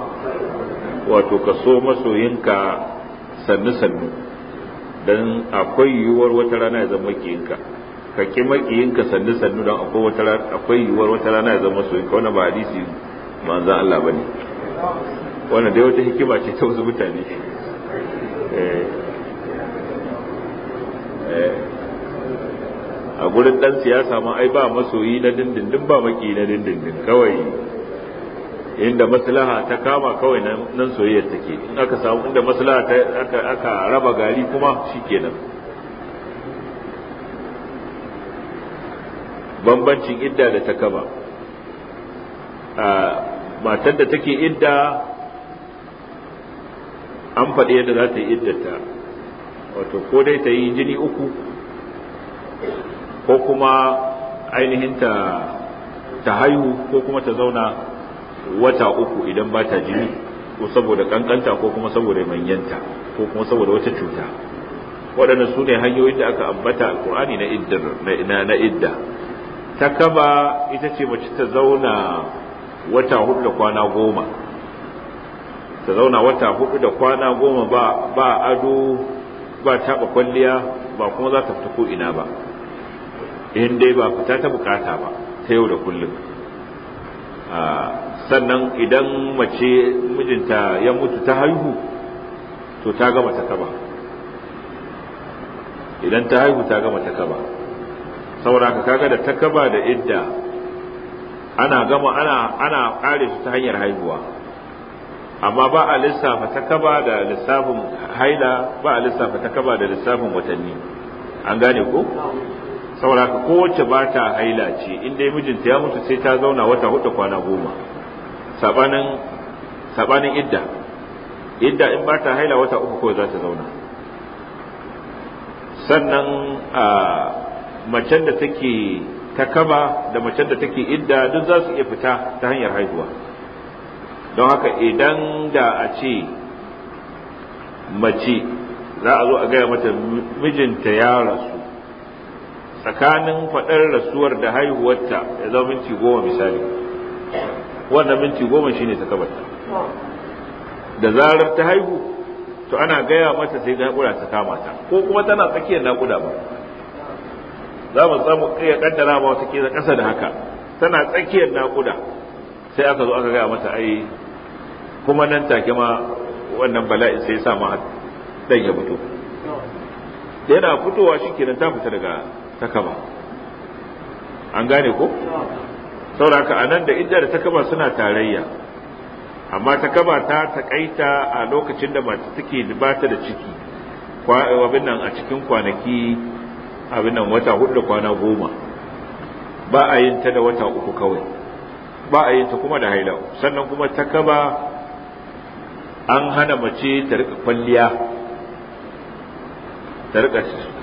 wato ka so masoyinka sannu sannu don akwai yiwuwar wata rana ya zama makiyinka ka ki makiyinka sannu sannu don akwai akwai yiwuwar wata rana ya zama masoyinka wannan ba hadisi manzon Allah bane wannan dai wata hikima ce ta wasu mutane Eh, eh, a gurin dan siyasa ma ai ba masoyi na dindindin ba maki na dindindin kawai inda maslaha ta kama kawai nan soyayyar take in aka samu inda maslaha ta aka raba gari kuma shikenan bambancin idda da ta kama ah, matar da take idda an faɗi yadda za ta yi iddata wato ko dai ta yi jini uku ko kuma ainihin ta haihu ko kuma ta zauna wata uku idan ba ta jini ko saboda kankanta ko kuma saboda manyanta ko kuma saboda wata cuta waɗanda su ne hanyoyin da aka ambata alkur'ani na idda na idda ta kaba ita ce mace ta zauna wata hudu da kwana goma ta zauna wata hudu da kwana goma ba ba ado ba taba kwalliya ba kuma za ta fito ina ba in dai ba fita ta bukata ba ta yau da kullum ah, sannan idan mace mijinta ya mutu ta haihu to ta gama ta kaba idan ta haihu ta gama ta kaba saboda ka kaga da ta kaba da idda ana gama ana ana su ta hanyar haihuwa amma ba a lissafa ta kaba da lissafin haila ba a lissafa ta kaba da lissafin watanni an gane ko saboda ka kowace ba ta haila ce inda mijinta ya mutu sai ta zauna wata hudu kwana goma sabanin sabanin idda idda in ba ta haila wata uku kawai za ta zauna sannan a macen da take ta kaba da macen da take idda duk za su iya fita ta hanyar haihuwa don haka idan da a ce mace za a zo a gaya mata mijinta ya rasu tsakanin faɗar rasuwar da haihuwarta ya zama minti goma misali wannan minti goma ne ta kabarta da zarar ta haihu to ana gaya mata sai naƙuda ta kama ta ko kuma tana tsakiyar naƙuda ba za mu samu iya kaddara wata kila ƙasa da haka tana tsakiyar naƙuda sai aka zo aka gaya mata ai kuma nan take ma wannan bala'i sai sa ma dan ya fito yana fitowa shikenan ta fita daga takaba an gane ko sauraka a nan da idda da takaba suna tarayya amma takaba ta takaita a lokacin da mace take libata da ciki abin nan a cikin kwanaki abin nan wata hudu da kwana goma ba a yin ta da wata uku kawai ba a yin ta kuma da haila sannan kuma ta kaba an hana mace ta rika kwalliya ta rika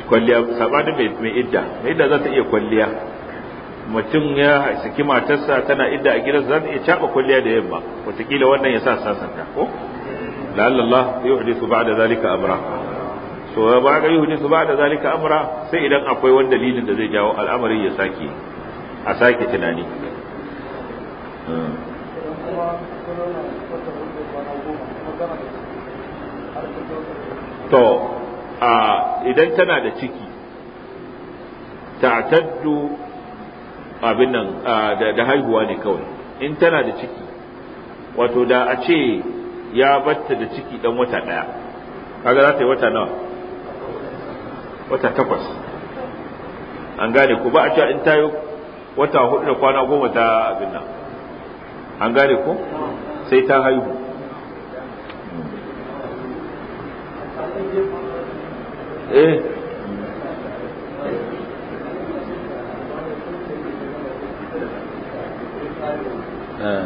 kwalliya sabanin mai idda mai idda za ta iya kwalliya mutum ya saki matarsa tana idda a gidansa za ta iya caba kwalliya da yamma wataƙila wannan ya sa sasanta ko la'allallah su ba'da zalika amra so ba ga su ba'da zalika amra sai idan akwai wani dalilin da zai jawo al'amarin ya sake a sake tunani to a idan tana da ciki taddu abin nan da haihuwa ne kawai in tana da ciki wato da a ce ya batta da ciki dan wata daya kaga za ta yi wata nawa wata takwas an gane ku ba a cewa in ta yi wata hudu da kwana goma ta abin nan an gane ko sai ta haihu eh, eh. eh?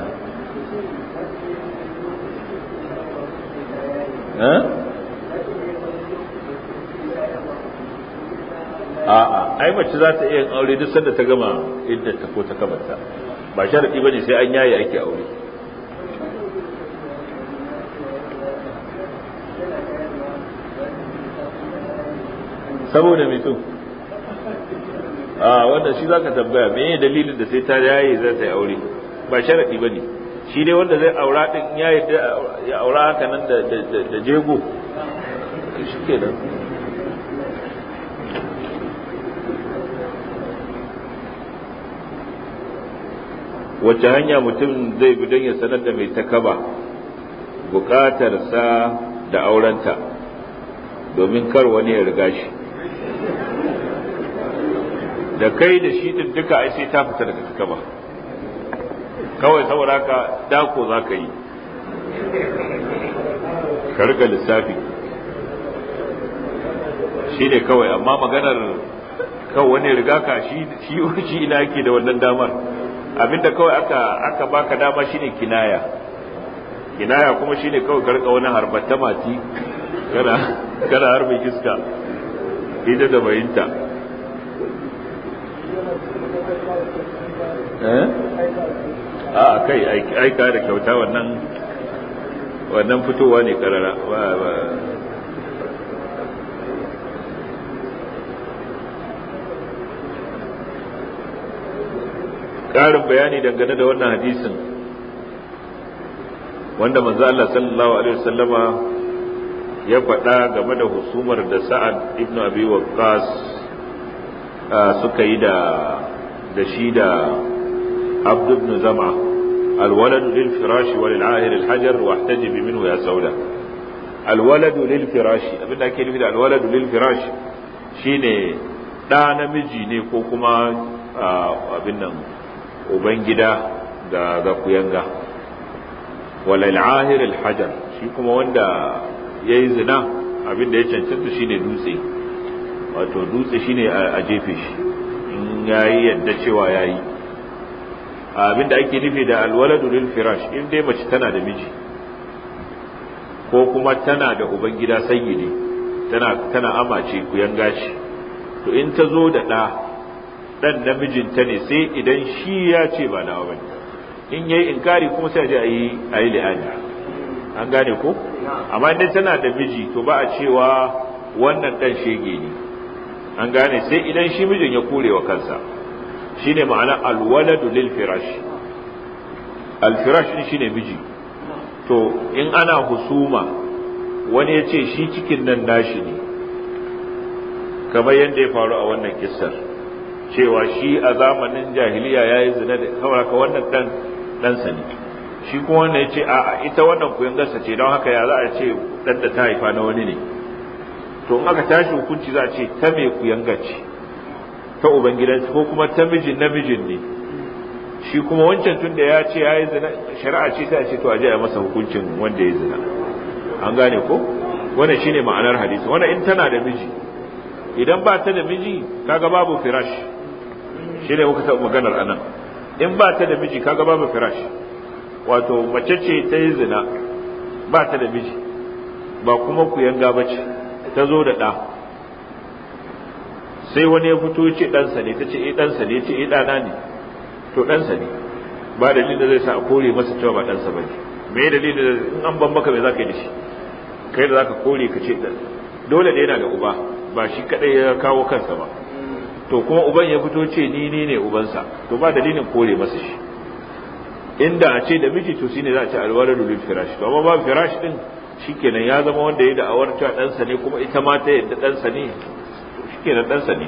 a'a ai mace za ta iya aure duk sanda ta gama idda ta ko ta kamata. ba sharadi bane sai an yaye ake aure saboda me to a wanda shi zaka tambaya me ne dalilin da sai ta yaye za ta yi aure ba sharadi bane shi dai wanda zai aura din ya aura haka nan da jego shi kenan wacce hanya mutum zai bi don ya sanar da mai takaba bukatarsa da aurenta domin kar wani ya riga shi da kai da shi din duka ai sai ta fita daga takaba kawai saboda ka dako za ka yi ka lissafi shi ne kawai amma maganar kawai wani riga ka shi ina yake da wannan damar abinda kawai aka aka baka dama shine kinaya kinaya kuma shine kawai karka wani harbata mati kana kana harbin iska ita da bayinta eh a kai aika da kyauta wannan wannan fitowa ne karara ƙarin bayani dangane da wannan hadisin wanda manzo Allah sallallahu alaihi wasallama ya faɗa game da husumar da Sa'ad ibn Abi Waqqas suka yi da da shi da Abd ibn Zama alwaladu lil firashi wal ahir al hajar wahtajib minhu ya sauda alwaladu lil firashi abinda ake nufi da alwaladu lil firashi shine ɗa namiji ne ko kuma abin nan ubangida ga ga kuyanga walal ahir al hajar shi kuma wanda yayi zina abin da ya cancanta shine dutse wato dutse shine a jefe shi in yayi yadda cewa yayi abin da ake nufi da alwaladu lil firash in dai mace tana da miji ko kuma tana da ubangida sayyidi tana tana amace kuyanga shi to in ta zo da ɗa dan namijinta ne sai idan shi ya ce ba nawa bane in yayi inkari kuma sai a je a yi an gane ko amma idan tana da miji to ba a cewa wannan dan shege ne an gane sai idan shi mijin ya kore kansa shine ma'ana alwaladu lil firash al firash shine miji to in ana husuma wani ya ce shi cikin nan nashi ne kamar yadda ya faru a wannan kissar cewa shi a zamanin jahiliya ya yi zina da sauraka wannan dan ɗansa ne shi kuma wannan ya ce a ita wannan kuyan gasa ce don haka ya za a ce ɗan da ta haifa na wani ne to in aka tashi hukunci za a ce ta me yanga ce? ta Ubangidan ko kuma ta mijin na mijin ne shi kuma wancan tun da ya ce ya yi zina shari'a ce ta ce to a je a masa hukuncin wanda ya zina an gane ko wannan shine ma'anar hadisi wannan in tana da miji idan ba ta da miji kaga babu firash shi ne muka taɓa maganar anan in ba ta da miji kaga babu firash wato mace ce ta yi zina ba ta da miji ba kuma ku yanga ba ce ta zo da ɗa sai wani ya fito ce ɗansa ne ta ce eh ɗansa ne ce eh ɗana ne to ɗansa ne ba dalilin da zai sa a kore masa cewa ba ɗansa ba ne me dalilin da in an ban maka me za ka yi da shi kai da za ka kore ka ce ɗan dole da yana da uba ba shi kaɗai ya kawo kansa ba to kuma uban ya fito ce ni ni ne ubansa to ba dalilin kore masa shi inda a ce da miji to shine za a ce alwala lulul firash to amma ba firash din shikenan ya zama wanda ya da'awar cewa ɗansa ne kuma ita ma ta yadda ɗansa ne shikenan ɗansa ne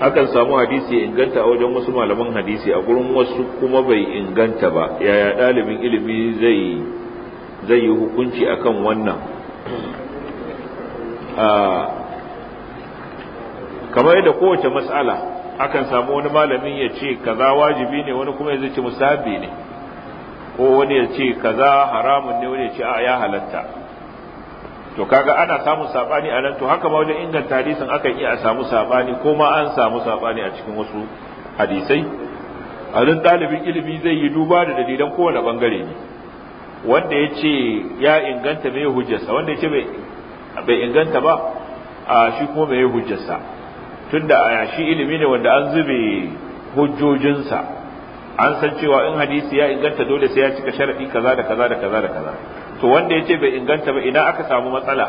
akan samu hadisi inganta a wajen wasu malaman hadisi a gurin wasu kuma bai inganta ba yaya ɗalibin ilimi zai zai yi hukunci akan wannan kamar yadda kowace matsala akan samu wani malamin ya ce kaza wajibi ne wani kuma ya ce musabi ne ko wani ya ce kaza haramun ne wani ya ce a ya halatta to kaga ana samun sabani a nan to haka ma wajen inganta hadisin akan iya a samu sabani ko ma an samu sabani a cikin wasu hadisai a nan ɗalibin ilimi zai yi duba da dalilan kowane bangare ne wanda ya ce ya inganta mai hujjarsa wanda ya ce bai inganta ba a shi kuma mai hujjarsa tunda a shi ilimi ne wanda an zube hujjojinsa an san cewa in hadisi ya inganta dole sai ya cika sharaɗi kaza da kaza da kaza da kaza to wanda ya ce bai inganta ba idan aka samu matsala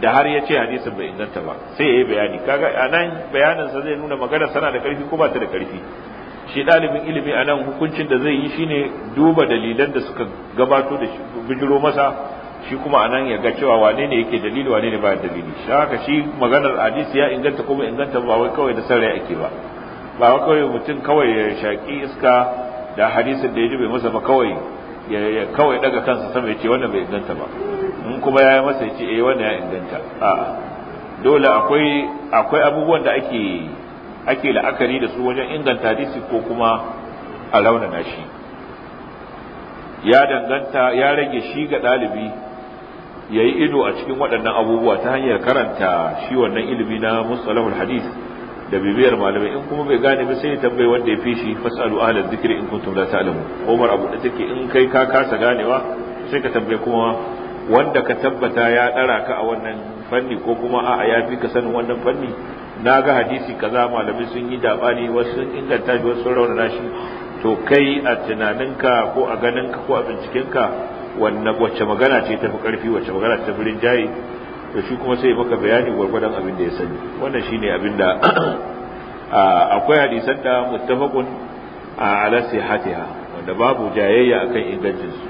da har ya ce hadisin bai inganta ba sai ya yi bayani kaga a nan bayaninsa zai nuna magana sana da karfi ko ba ta da karfi shi ɗalibin ilimi a nan hukuncin da zai yi shine duba dalilan da suka gabato da shi bijiro masa shi kuma anan ya ga cewa wane ne yake dalili wane ne ba dalili shi haka shi maganar hadisi ya inganta kuma inganta ba wai kawai da sarai ake ba ba wai kawai mutum kawai ya shaki iska da hadisin da ya ji bai masa ba kawai ya kawai daga kansa sama ya ce wannan bai inganta ba in kuma ya yi masa ya ce eh wannan ya inganta a'a dole akwai akwai abubuwan da ake ake la'akari da su wajen inganta hadisi ko kuma a raunana shi ya danganta ya rage shi ga ɗalibi ya yi ido a cikin waɗannan abubuwa ta hanyar karanta shi wannan ilimi na musalahul hadis da bibiyar malamai in kuma bai gane ba sai ya tambayi wanda ya fi shi fasalu ahlal zikri in kuntum la ta'lamu Umar Abu da take in kai ka kasa ganewa sai ka tambaye kuma wanda ka tabbata ya dara ka a wannan fanni ko kuma a ya fi ka sanin wannan fanni na ga hadisi kaza malamai sun yi dabani wasu sun inganta shi wasu sun raunana shi to kai a tunaninka ko a ganinka ko a bincikenka wannan wacce magana ce tafi karfi wacce magana ce tafi jayi to shi kuma sai maka bayani gwargwadon abin da ya sani wannan shine abin da (clears throat) akwai hadisan da muttafaqun ala sihatiha wanda babu jayayya akan ingancin su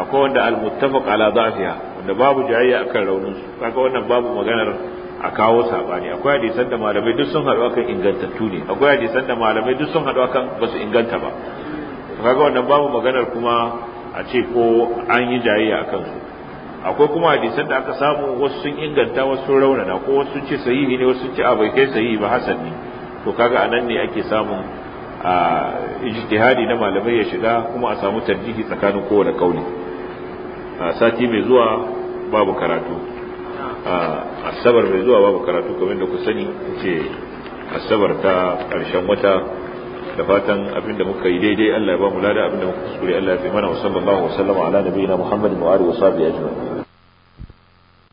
akwai wanda al-muttafaq ala dafiya wanda babu jayayya akan raunin su kaga wannan babu maganar a kawo sabani akwai hadisan da malamai duk sun haɗu akan ingantattu ne akwai hadisan da malamai duk sun haɗu akan basu inganta ba kaga wannan babu maganar kuma a ce ko an yi jayayya a kansu akwai kuma hadisan da aka samu wasu sun inganta wasu sun raunana ko wasu sun ce sahihi ne wasu sun ce a bai kai sahihi ba hasan ne to kaga anan ne ake samun a ijtihadi na malamai ya shiga kuma a samu tarjihi tsakanin kowane kauli a sati mai zuwa babu karatu asabar mai zuwa babu karatu kamar da ku sani ce asabar ta ƙarshen wata da fatan abinda muka yi daidai Allah ya ba mu lada abinda muka kuskure Allah ya fi mana wa sallallahu wa sallama ala nabiyina Muhammadin wa alihi wa sahbihi ajma'in